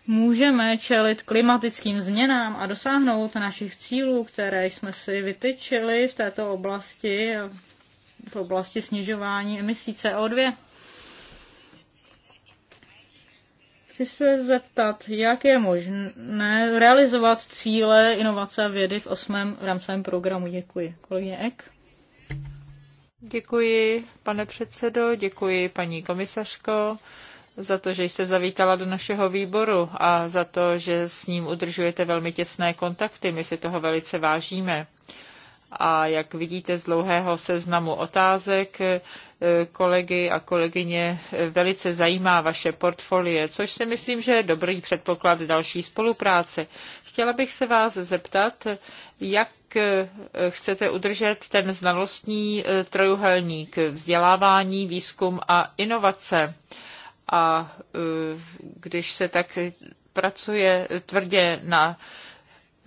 můžeme čelit klimatickým změnám a dosáhnout našich cílů, které jsme si vytyčili v této oblasti, v oblasti snižování emisí CO2. Chci se zeptat, jak je možné realizovat cíle inovace a vědy v osmém rámcovém programu. Děkuji. Kolegyně Ek. Děkuji, pane předsedo, děkuji, paní komisařko, za to, že jste zavítala do našeho výboru a za to, že s ním udržujete velmi těsné kontakty. My si toho velice vážíme. A jak vidíte z dlouhého seznamu otázek, eh, kolegy a kolegyně eh, velice zajímá vaše portfolie, což si myslím, že je dobrý předpoklad další spolupráce. Chtěla bych se vás zeptat, jak eh, chcete udržet ten znalostní trojuhelník vzdělávání, výzkum a inovace. A když se tak pracuje tvrdě na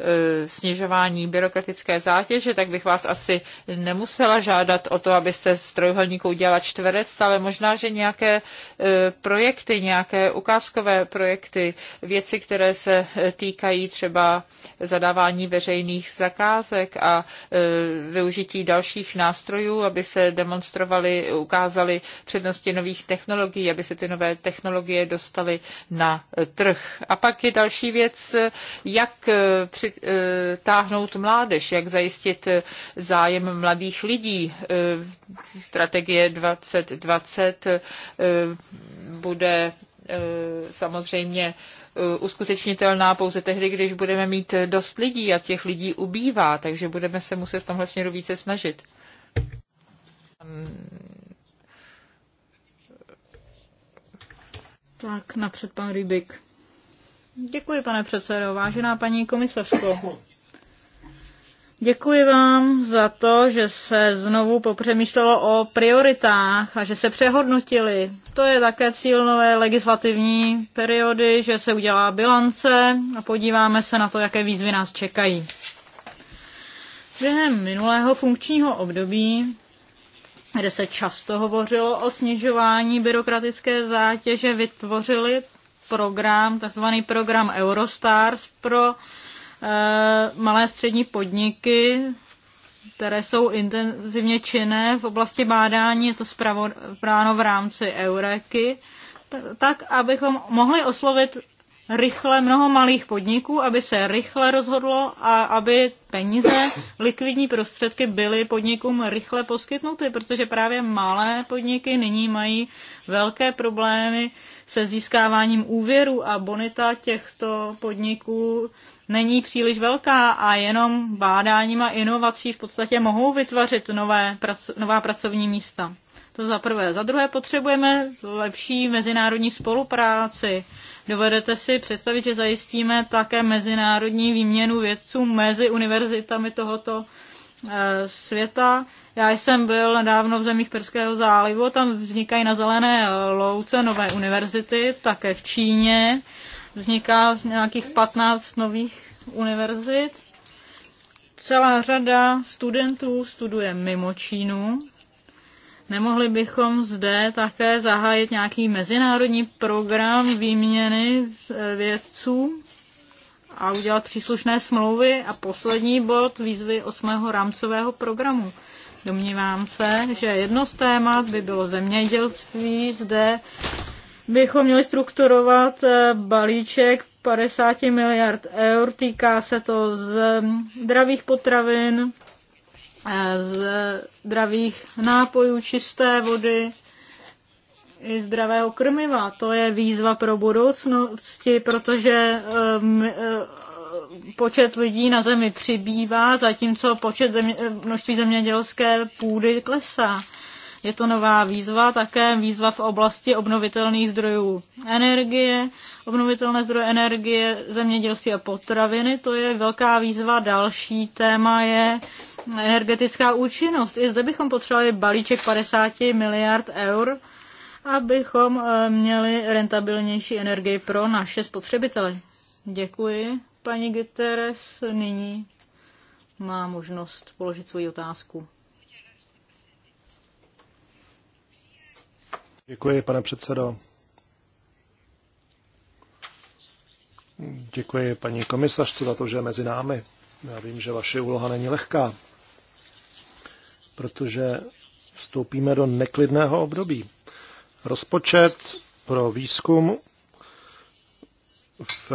E, snižování byrokratické zátěže, tak bych vás asi nemusela žádat o to, abyste z trojuhelníku udělala čtverec, ale možná, že nějaké e, projekty, nějaké ukázkové projekty, věci, které se e, týkají třeba zadávání veřejných zakázek a využití dalších nástrojů, aby se demonstrovaly, ukázaly přednosti nových technologií, aby se ty nové technologie dostaly na trh. A pak je další věc, jak při přitáhnout mládež, jak zajistit zájem mladých lidí. Eh, strategie 2020 eh, bude eh, samozřejmě uskutečnitelná pouze tehdy, když budeme mít dost lidí a těch lidí ubývá, takže budeme se muset v tomhle směru více snažit. Tak, napřed pan Rybik. Děkuji, pane předsedo. Vážená paní komisařko, děkuji vám za to, že se znovu popřemýšlelo o prioritách a že se přehodnotili. To je také cíl nové legislativní periody, že se udělá bilance a podíváme se na to, jaké výzvy nás čekají. Během minulého funkčního období kde se často hovořilo o snižování byrokratické zátěže, vytvořili program, takzvaný program Eurostars pro eh, malé střední podniky, které jsou intenzivně činné v oblasti bádání, je to zpravodáno v rámci Eureky, tak abychom mohli oslovit rychle mnoho malých podniků, aby se rychle rozhodlo a aby peníze, likvidní prostředky byly podnikům rychle poskytnuty, protože právě malé podniky nyní mají velké problémy se získáváním úvěru a bonita těchto podniků není příliš velká a jenom bádáním a inovací v podstatě mohou vytvořit nové, nová pracovní místa. To za prvé. Za druhé potřebujeme lepší mezinárodní spolupráci Dovedete si představit, že zajistíme také mezinárodní výměnu vědců mezi univerzitami tohoto eh, světa. Já jsem byl nedávno v zemích Perského zálivu, tam vznikají na zelené eh, louce nové univerzity, také v Číně vzniká nějakých 15 nových univerzit. Celá řada studentů studuje mimo Čínu Nemohli bychom zde také zahájit nějaký mezinárodní program výměny vědců a udělat příslušné smlouvy a poslední bod výzvy osmého rámcového programu. Domnívám se, že jedno z témat by bylo zemědělství. Zde bychom měli strukturovat eh, balíček 50 miliard eur. Týká se to z dravých potravin, Eh, z zdravých nápojů, čisté vody i zdravého krmiva. To je výzva pro budoucnosti, protože eh, eh, počet lidí na zemi přibývá, zatímco počet země, množství zemědělské půdy klesá. Je to nová výzva, také výzva v oblasti obnovitelných zdrojů energie, obnovitelné zdroje energie, zemědělství a potraviny. To je velká výzva. Další téma je energetická účinnost. I zde bychom potřebovali balíček 50 miliard eur, abychom eh, měli rentabilnější energii pro naše spotřebitele. Děkuji, paní Guterres. Nyní má možnost položit svoji otázku. Děkuji, pane předsedo. Děkuji paní komisařce za to, že je mezi námi. Já vím, že vaše úloha není lehká protože vstoupíme do neklidného období. Rozpočet pro výzkum v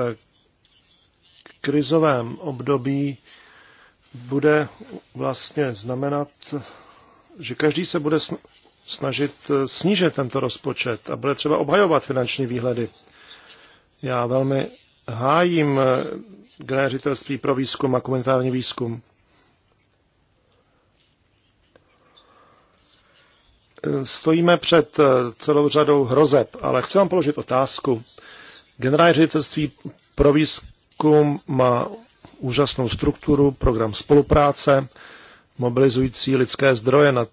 krizovém období bude vlastně znamenat, že každý se bude snažit eh, snížit tento rozpočet a bude třeba obhajovat finanční výhledy. Já velmi hájím eh, generitelství pro výzkum a komunitární výzkum. stojíme před eh, celou řadou hrozeb, ale chci vám položit otázku. Generální ředitelství pro výzkum má úžasnou strukturu, program spolupráce, mobilizující lidské zdroje. Na,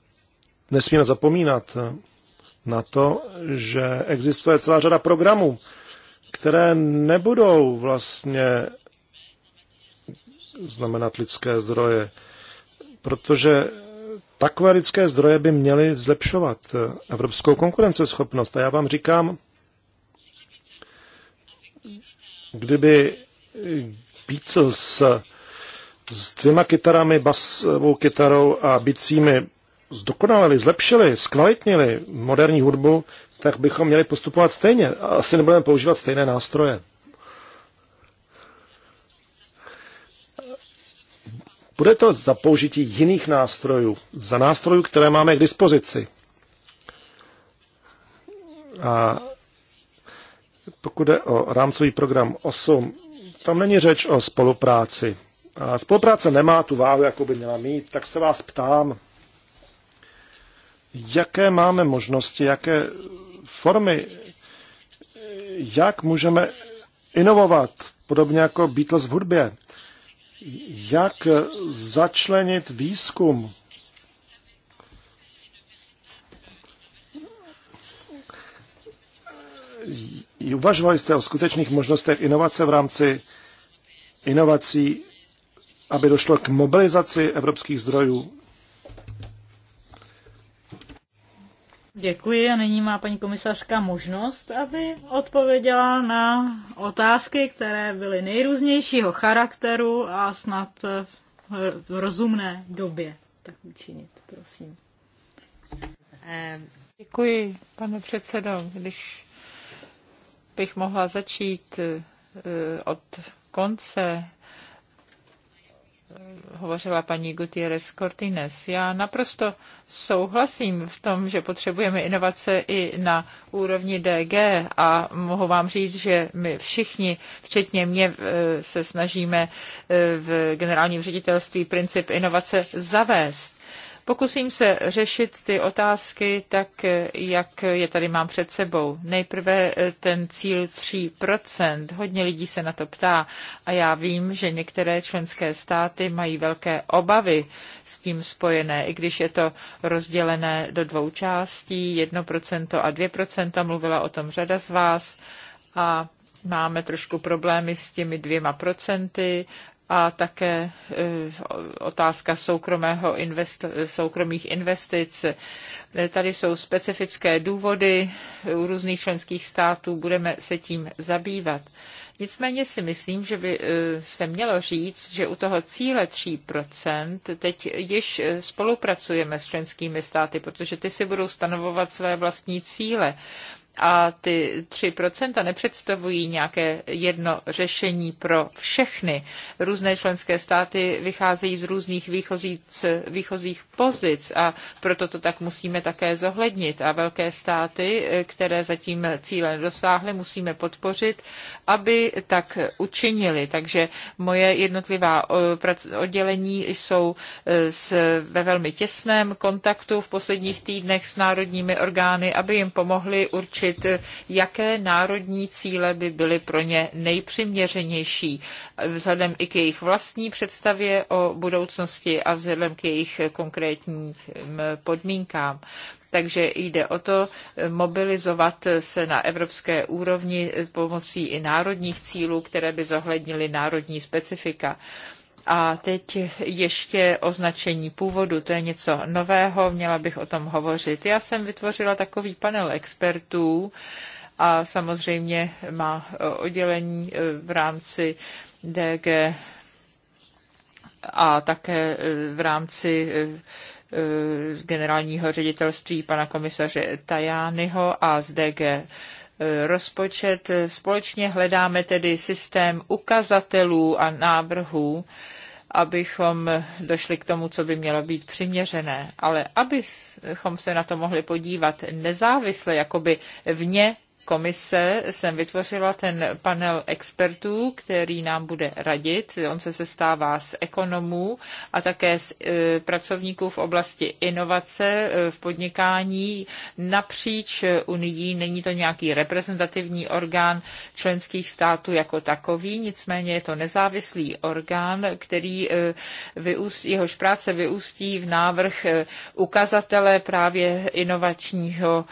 nesmíme zapomínat eh, na to, že existuje celá řada programů, které nebudou vlastně znamenat lidské zdroje, protože takové lidské zdroje by měly zlepšovat eh, evropskou konkurenceschopnost. A já vám říkám, kdyby Beatles s dvěma kytarami, basovou kytarou a bicími zdokonalili, zlepšili, zkvalitnili moderní hudbu, tak bychom měli postupovat stejně. Asi nebudeme používat stejné nástroje. Bude to za použití jiných nástrojů, za nástrojů, které máme k dispozici. A pokud jde o rámcový program 8, tam není řeč o spolupráci. A spolupráce nemá tu váhu, jakou by měla mít, tak se vás ptám, jaké máme možnosti, jaké formy, jak můžeme inovovat, podobně jako Beatles v hudbě jak začlenit výzkum uvažovali jste o skutečných možnostech inovace v rámci inovací, aby došlo k mobilizaci evropských zdrojů Děkuji a nyní má paní komisařka možnost, aby odpověděla na otázky, které byly nejrůznějšího charakteru a snad v rozumné době tak učinit. Prosím. Děkuji, pane předsedo. Když bych mohla začít eh, od konce, hovořila paní Gutierrez Cortines. Já naprosto souhlasím v tom, že potřebujeme inovace i na úrovni DG a mohu vám říct, že my všichni, včetně mě, eh, se snažíme eh, v generálním ředitelství princip inovace zavést Pokusím se řešit ty otázky tak, jak je tady mám před sebou. Nejprve eh, ten cíl 3%. Hodně lidí se na to ptá a já vím, že některé členské státy mají velké obavy s tím spojené, i když je to rozdělené do dvou částí, 1% a 2%, mluvila o tom řada z vás. A máme trošku problémy s těmi dvěma procenty a také eh, otázka soukromého invest, soukromých investic. Tady jsou specifické důvody u různých členských států, budeme se tím zabývat. Nicméně si myslím, že by eh, se mělo říct, že u toho cíle 3% teď již eh, spolupracujeme s členskými státy, protože ty si budou stanovovat své vlastní cíle a ty 3% nepředstavují nějaké jedno řešení pro všechny. Různé členské státy vycházejí z různých výchozích, výchozích pozic a proto to tak musíme také zohlednit. A velké státy, které zatím cíle nedosáhly, musíme podpořit, aby tak učinili. Takže moje jednotlivá oddělení jsou e, s, ve velmi těsném kontaktu v posledních týdnech s národními orgány, aby jim pomohli určit určit, jaké národní cíle by byly pro ně nejpřiměřenější vzhledem i k jejich vlastní představě o budoucnosti a vzhledem k jejich konkrétním podmínkám. Takže jde o to mobilizovat se na evropské úrovni pomocí i národních cílů, které by zohlednily národní specifika. A teď ještě označení původu, to je něco nového, měla bych o tom hovořit. Já jsem vytvořila takový panel expertů a samozřejmě má e, oddělení e, v rámci DG a také e, v rámci generálního ředitelství pana komisaře Tajányho a z DG rozpočet. Společně hledáme tedy systém ukazatelů a návrhů, abychom došli k tomu, co by mělo být přiměřené. Ale abychom se na to mohli podívat nezávisle, jakoby vně komise jsem vytvořila ten panel expertů, který nám bude radit. On se sestává z ekonomů a také z e, pracovníků v oblasti inovace e, v podnikání napříč Unii. Není to nějaký reprezentativní orgán členských států jako takový, nicméně je to nezávislý orgán, který e, jehož práce vyústí v návrh ukazatele právě inovačního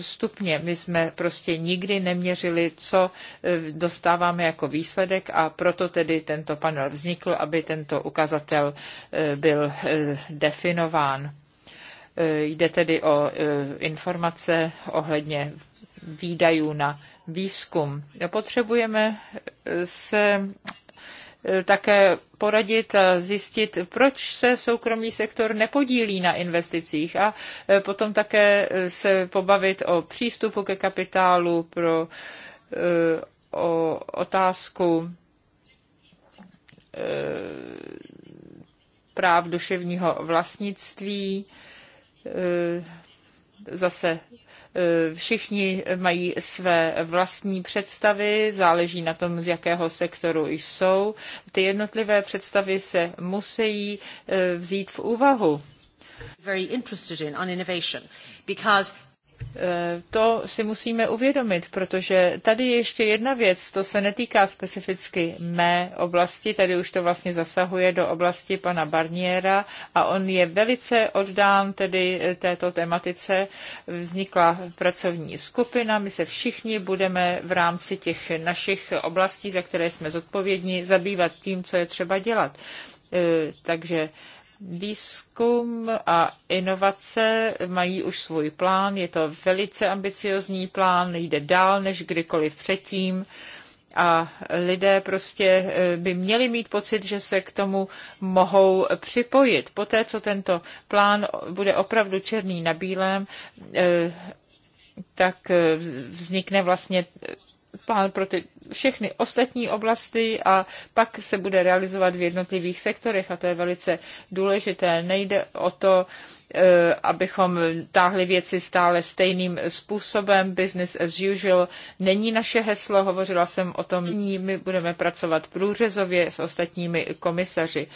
stupně. My jsme prostě prostě nikdy neměřili, co e, dostáváme jako výsledek a proto tedy tento panel vznikl, aby tento ukazatel e, byl e, definován. Jde tedy o informace ohledně výdajů na výzkum. No, potřebujeme se Eh, také poradit a zjistit, proč se soukromý sektor nepodílí na investicích a eh, potom také eh, se pobavit o přístupu ke kapitálu, pro, o otázku práv duševního vlastnictví, zase Eh, všichni mají své vlastní představy, záleží na tom, z jakého sektoru jsou. Ty jednotlivé představy se musí eh, vzít v úvahu. Very interested in on innovation because Eh, to si musíme uvědomit, protože tady je ještě jedna věc, to se netýká specificky mé oblasti, tady už to vlastně zasahuje do oblasti pana Barniera a on je velice oddán tedy eh, této tematice. Vznikla pracovní skupina, my se všichni budeme v rámci těch našich oblastí, za které jsme zodpovědní, zabývat tím, co je třeba dělat. Eh, takže Výzkum a inovace mají už svůj plán, je to velice ambiciozní plán, jde dál než kdykoliv předtím a lidé prostě eh, by měli mít pocit, že se k tomu mohou připojit. Poté, co tento plán bude opravdu černý na bílém, eh, tak eh, vznikne vlastně plán pro ty všechny ostatní oblasti a pak se bude realizovat v jednotlivých sektorech a to je velice důležité. Nejde o to, eh, abychom táhli věci stále stejným způsobem. Business as usual není naše heslo, hovořila jsem o tom. My budeme pracovat průřezově s ostatními komisaři.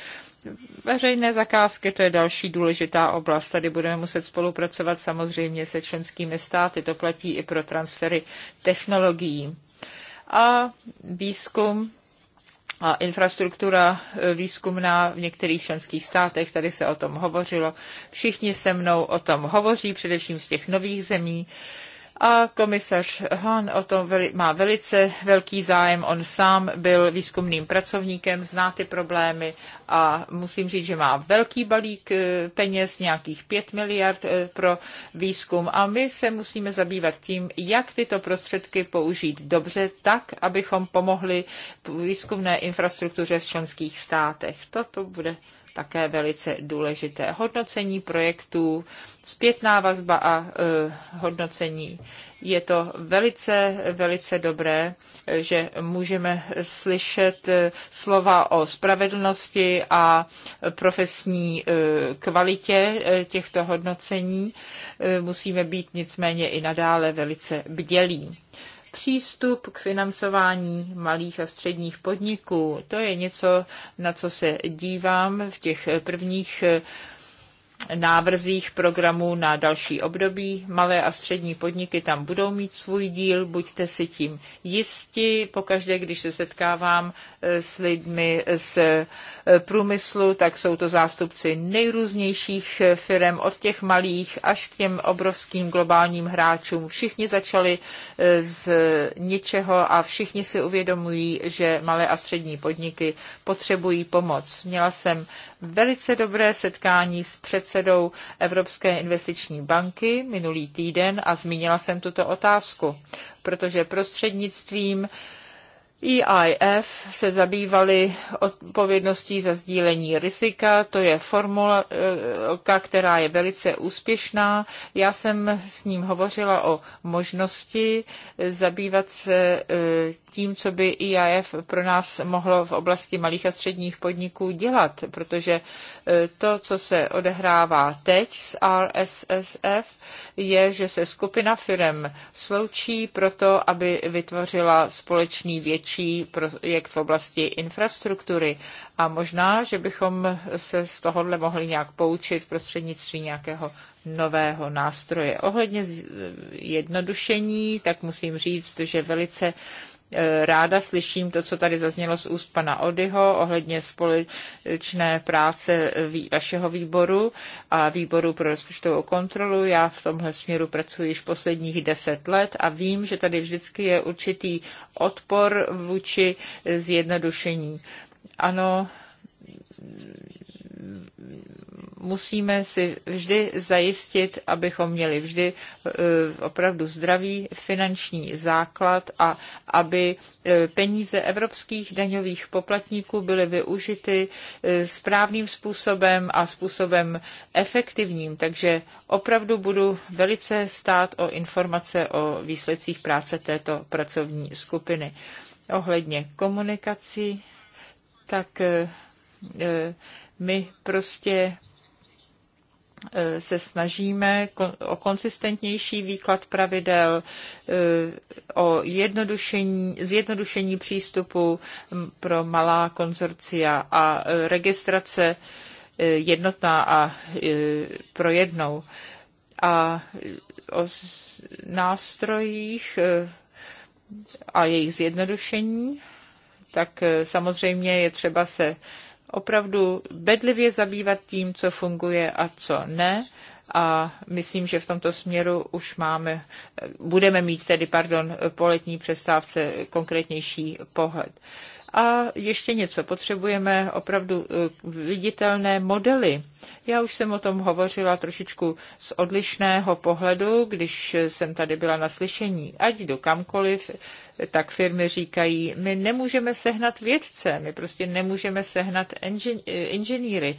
Veřejné zakázky, to je další důležitá oblast. Tady budeme muset spolupracovat samozřejmě se členskými státy. To platí i pro transfery technologií a výzkum a infrastruktura e, výzkumná v některých členských státech, tady se o tom hovořilo. Všichni se mnou o tom hovoří, především z těch nových zemí, a komisař Hahn o tom má velice velký zájem. On sám byl výzkumným pracovníkem, zná ty problémy a musím říct, že má velký balík eh, peněz, nějakých 5 miliard eh, pro výzkum a my se musíme zabývat tím, jak tyto prostředky použít dobře, tak, abychom pomohli výzkumné infrastruktuře v členských státech. Toto bude také velice důležité. Hodnocení projektů, zpětná vazba a e, hodnocení. Je to velice, velice dobré, že můžeme slyšet e, slova o spravedlnosti a profesní e, kvalitě těchto hodnocení. Musíme být nicméně i nadále velice bdělí. Přístup k financování malých a středních podniků, to je něco, na co se dívám v těch prvních návrzích programů na další období. Malé a střední podniky tam budou mít svůj díl, buďte si tím jisti. Pokaždé, když se setkávám eh, s lidmi z eh, průmyslu, tak jsou to zástupci nejrůznějších eh, firm, od těch malých až k těm obrovským globálním hráčům. Všichni začali z ničeho a všichni si uvědomují, že malé a střední podniky potřebují pomoc. Měla jsem velice dobré setkání s předsedou Evropské investiční banky minulý týden a zmínila jsem tuto otázku, protože prostřednictvím EIF se zabývali odpovědností za sdílení rizika. To je formulka, která je velice úspěšná. Já jsem s ním hovořila o možnosti zabývat se e, tím, co by EIF pro nás mohlo v oblasti malých a středních podniků dělat, protože e, to, co se odehrává teď s RSSF, je, že se skupina firm sloučí proto, aby vytvořila společný větší projekt v oblasti infrastruktury. A možná, že bychom se z tohohle mohli nějak poučit prostřednictvím nějakého nového nástroje. Ohledně jednodušení, tak musím říct, že velice E, ráda slyším to, co tady zaznělo z úst pana Odyho ohledně společné práce e, vašeho výboru a výboru pro rozpočtovou kontrolu. Já v tomhle směru pracuji již posledních deset let a vím, že tady vždycky je určitý odpor vůči zjednodušení. Ano, musíme si vždy zajistit, abychom měli vždy e, opravdu zdravý finanční základ a aby e, peníze evropských daňových poplatníků byly využity e, správným způsobem a způsobem efektivním. Takže opravdu budu velice stát o informace o výsledcích práce této pracovní skupiny. Ohledně komunikací, tak my prostě e, se snažíme o konsistentnější výklad pravidel, e, o zjednodušení přístupu pro malá konzorcia a e, registrace jednotná a pro jednou. A o nástrojích a jejich zjednodušení, tak samozřejmě je třeba se opravdu bedlivě zabývat tím, co funguje a co ne. A myslím, že v tomto směru už máme, budeme mít tedy, pardon, po letní přestávce konkrétnější pohled. A ještě něco, potřebujeme opravdu eh, viditelné modely. Já už jsem o tom hovořila trošičku z odlišného pohledu, když jsem tady byla na slyšení, ať jdu kamkoliv, tak firmy říkají, my nemůžeme sehnat vědce, my prostě nemůžeme sehnat inženýry,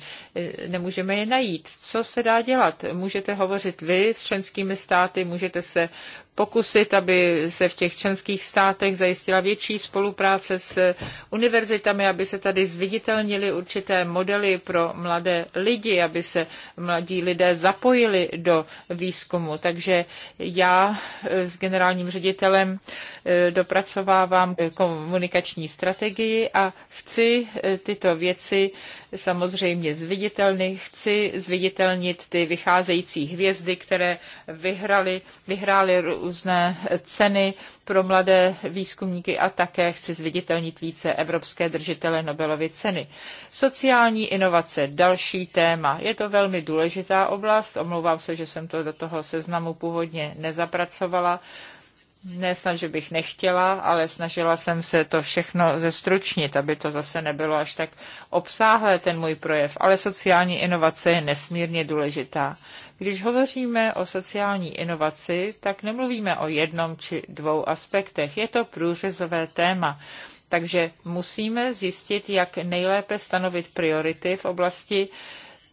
nemůžeme je najít. Co se dá dělat? Můžete hovořit vy s členskými státy, můžete se pokusit, aby se v těch členských státech zajistila větší spolupráce s univerzitami, aby se tady zviditelnili určité modely pro mladé lidi, aby se mladí lidé zapojili do výzkumu. Takže já s generálním ředitelem eh, do dopracovávám komunikační strategii a chci eh, tyto věci samozřejmě zviditelnit. Chci zviditelnit ty vycházející hvězdy, které vyhrály vyhrály různé ceny pro mladé výzkumníky a také chci zviditelnit více evropské držitele Nobelovy ceny. Sociální inovace, další téma. Je to velmi důležitá oblast. Omlouvám se, že jsem to do toho seznamu původně nezapracovala ne snad, že bych nechtěla, ale snažila jsem se to všechno zestručnit, aby to zase nebylo až tak obsáhlé, ten můj projev. Ale sociální inovace je nesmírně důležitá. Když hovoříme o sociální inovaci, tak nemluvíme o jednom či dvou aspektech. Je to průřezové téma. Takže musíme zjistit, jak nejlépe stanovit priority v oblasti uh,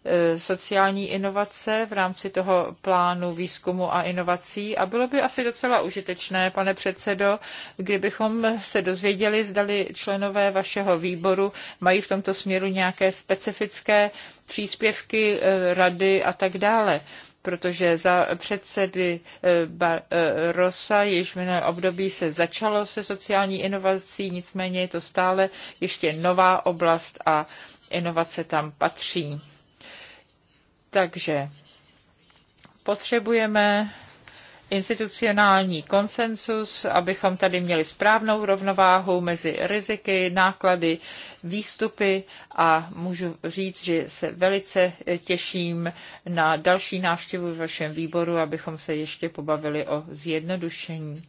Eh, sociální inovace v rámci toho plánu výzkumu a inovací a bylo by asi docela užitečné, pane předsedo, kdybychom se dozvěděli, zdali členové vašeho výboru mají v tomto směru nějaké specifické příspěvky, eh, rady a tak dále protože za předsedy eh, Rosa již v minulém období se začalo se sociální inovací, nicméně je to stále ještě nová oblast a inovace tam patří. Takže potřebujeme institucionální konsensus, abychom tady měli správnou rovnováhu mezi riziky, náklady, výstupy a můžu říct, že se velice těším na další návštěvu v vašem výboru, abychom se ještě pobavili o zjednodušení.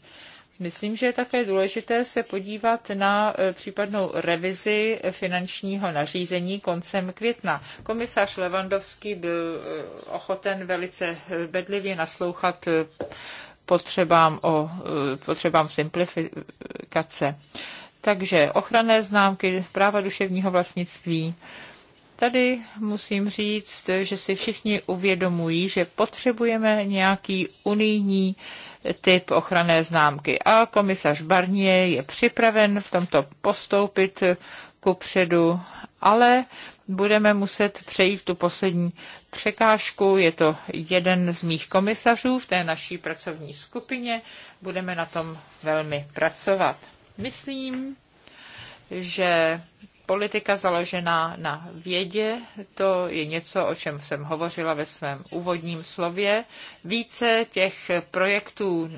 Myslím, že je také důležité se podívat na e, případnou revizi finančního nařízení koncem května. Komisař Levandovský byl e, ochoten velice bedlivě naslouchat e, potřebám, o, potřebám simplifikace. Takže ochranné známky, práva duševního vlastnictví. Tady musím říct, že si všichni uvědomují, že potřebujeme nějaký unijní typ ochranné známky. A komisař Barnier je připraven v tomto postoupit ku předu, ale budeme muset přejít tu poslední překážku. Je to jeden z mých komisařů v té naší pracovní skupině. Budeme na tom velmi pracovat. Myslím, že politika založená na vědě, to je něco, o čem jsem hovořila ve svém úvodním slově. Více těch projektů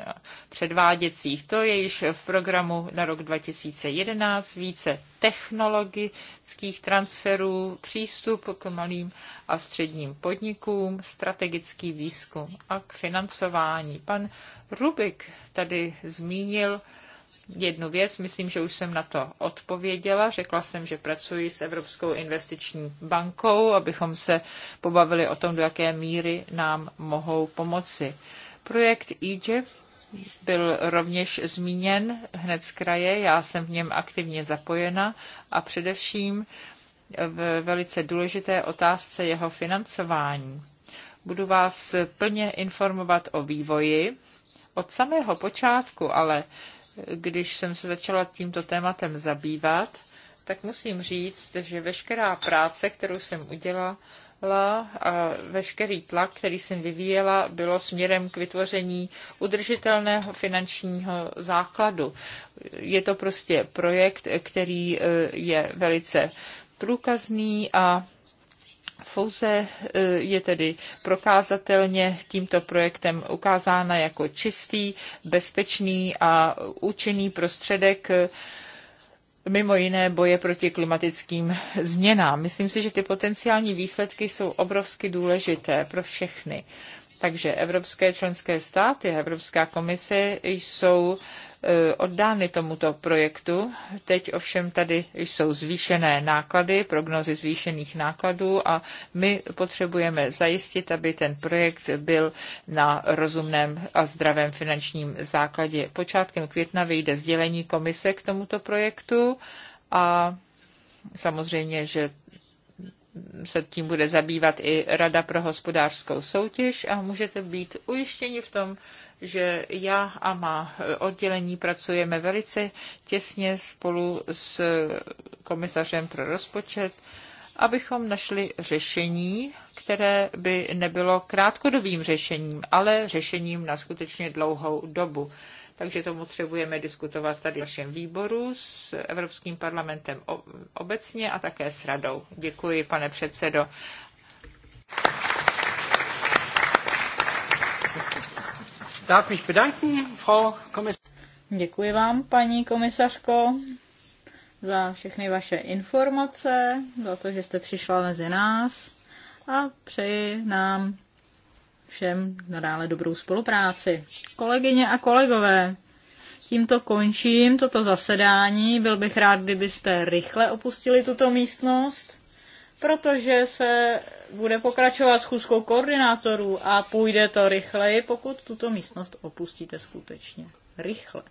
předváděcích, to je již v programu na rok 2011, více technologických transferů, přístup k malým a středním podnikům, strategický výzkum a k financování. Pan Rubik tady zmínil, jednu věc, myslím, že už jsem na to odpověděla. Řekla jsem, že pracuji s Evropskou investiční bankou, abychom se pobavili o tom, do jaké míry nám mohou pomoci. Projekt EGIP e byl rovněž zmíněn hned z kraje, já jsem v něm aktivně zapojena a především v velice důležité otázce jeho financování. Budu vás plně informovat o vývoji. Od samého počátku ale když jsem se začala tímto tématem zabývat, tak musím říct, že veškerá práce, kterou jsem udělala, a veškerý tlak, který jsem vyvíjela, bylo směrem k vytvoření udržitelného finančního základu. Je to prostě projekt, který eh, je velice průkazný a Fouze eh, je tedy prokázatelně tímto projektem ukázána jako čistý, bezpečný a účinný prostředek eh, mimo jiné boje proti klimatickým změnám. Myslím si, že ty potenciální výsledky jsou obrovsky důležité pro všechny. Takže evropské členské státy a Evropská komise jsou E, oddány tomuto projektu. Teď ovšem tady jsou zvýšené náklady, prognozy zvýšených nákladů a my potřebujeme zajistit, aby ten projekt byl na rozumném a zdravém finančním základě. Počátkem května vyjde sdělení komise k tomuto projektu a samozřejmě, že se tím bude zabývat i Rada pro hospodářskou soutěž a můžete být ujištěni v tom, že já a má oddělení pracujeme velice těsně spolu s komisařem pro rozpočet, abychom našli řešení, které by nebylo krátkodobým řešením, ale řešením na skutečně dlouhou dobu. Takže to potřebujeme diskutovat tady v našem výboru s Evropským parlamentem obecně a také s radou. Děkuji, pane předsedo. darf mich bedanken, Frau Kommissarin. Děkuji vám, paní komisařko, za všechny vaše informace, za to, že jste přišla mezi nás a přeji nám všem nadále dobrou spolupráci. Kolegyně a kolegové, tímto končím toto zasedání. Byl bych rád, kdybyste rychle opustili tuto místnost protože se bude pokračovat schůzkou koordinátorů a půjde to rychleji, pokud tuto místnost opustíte skutečně rychle.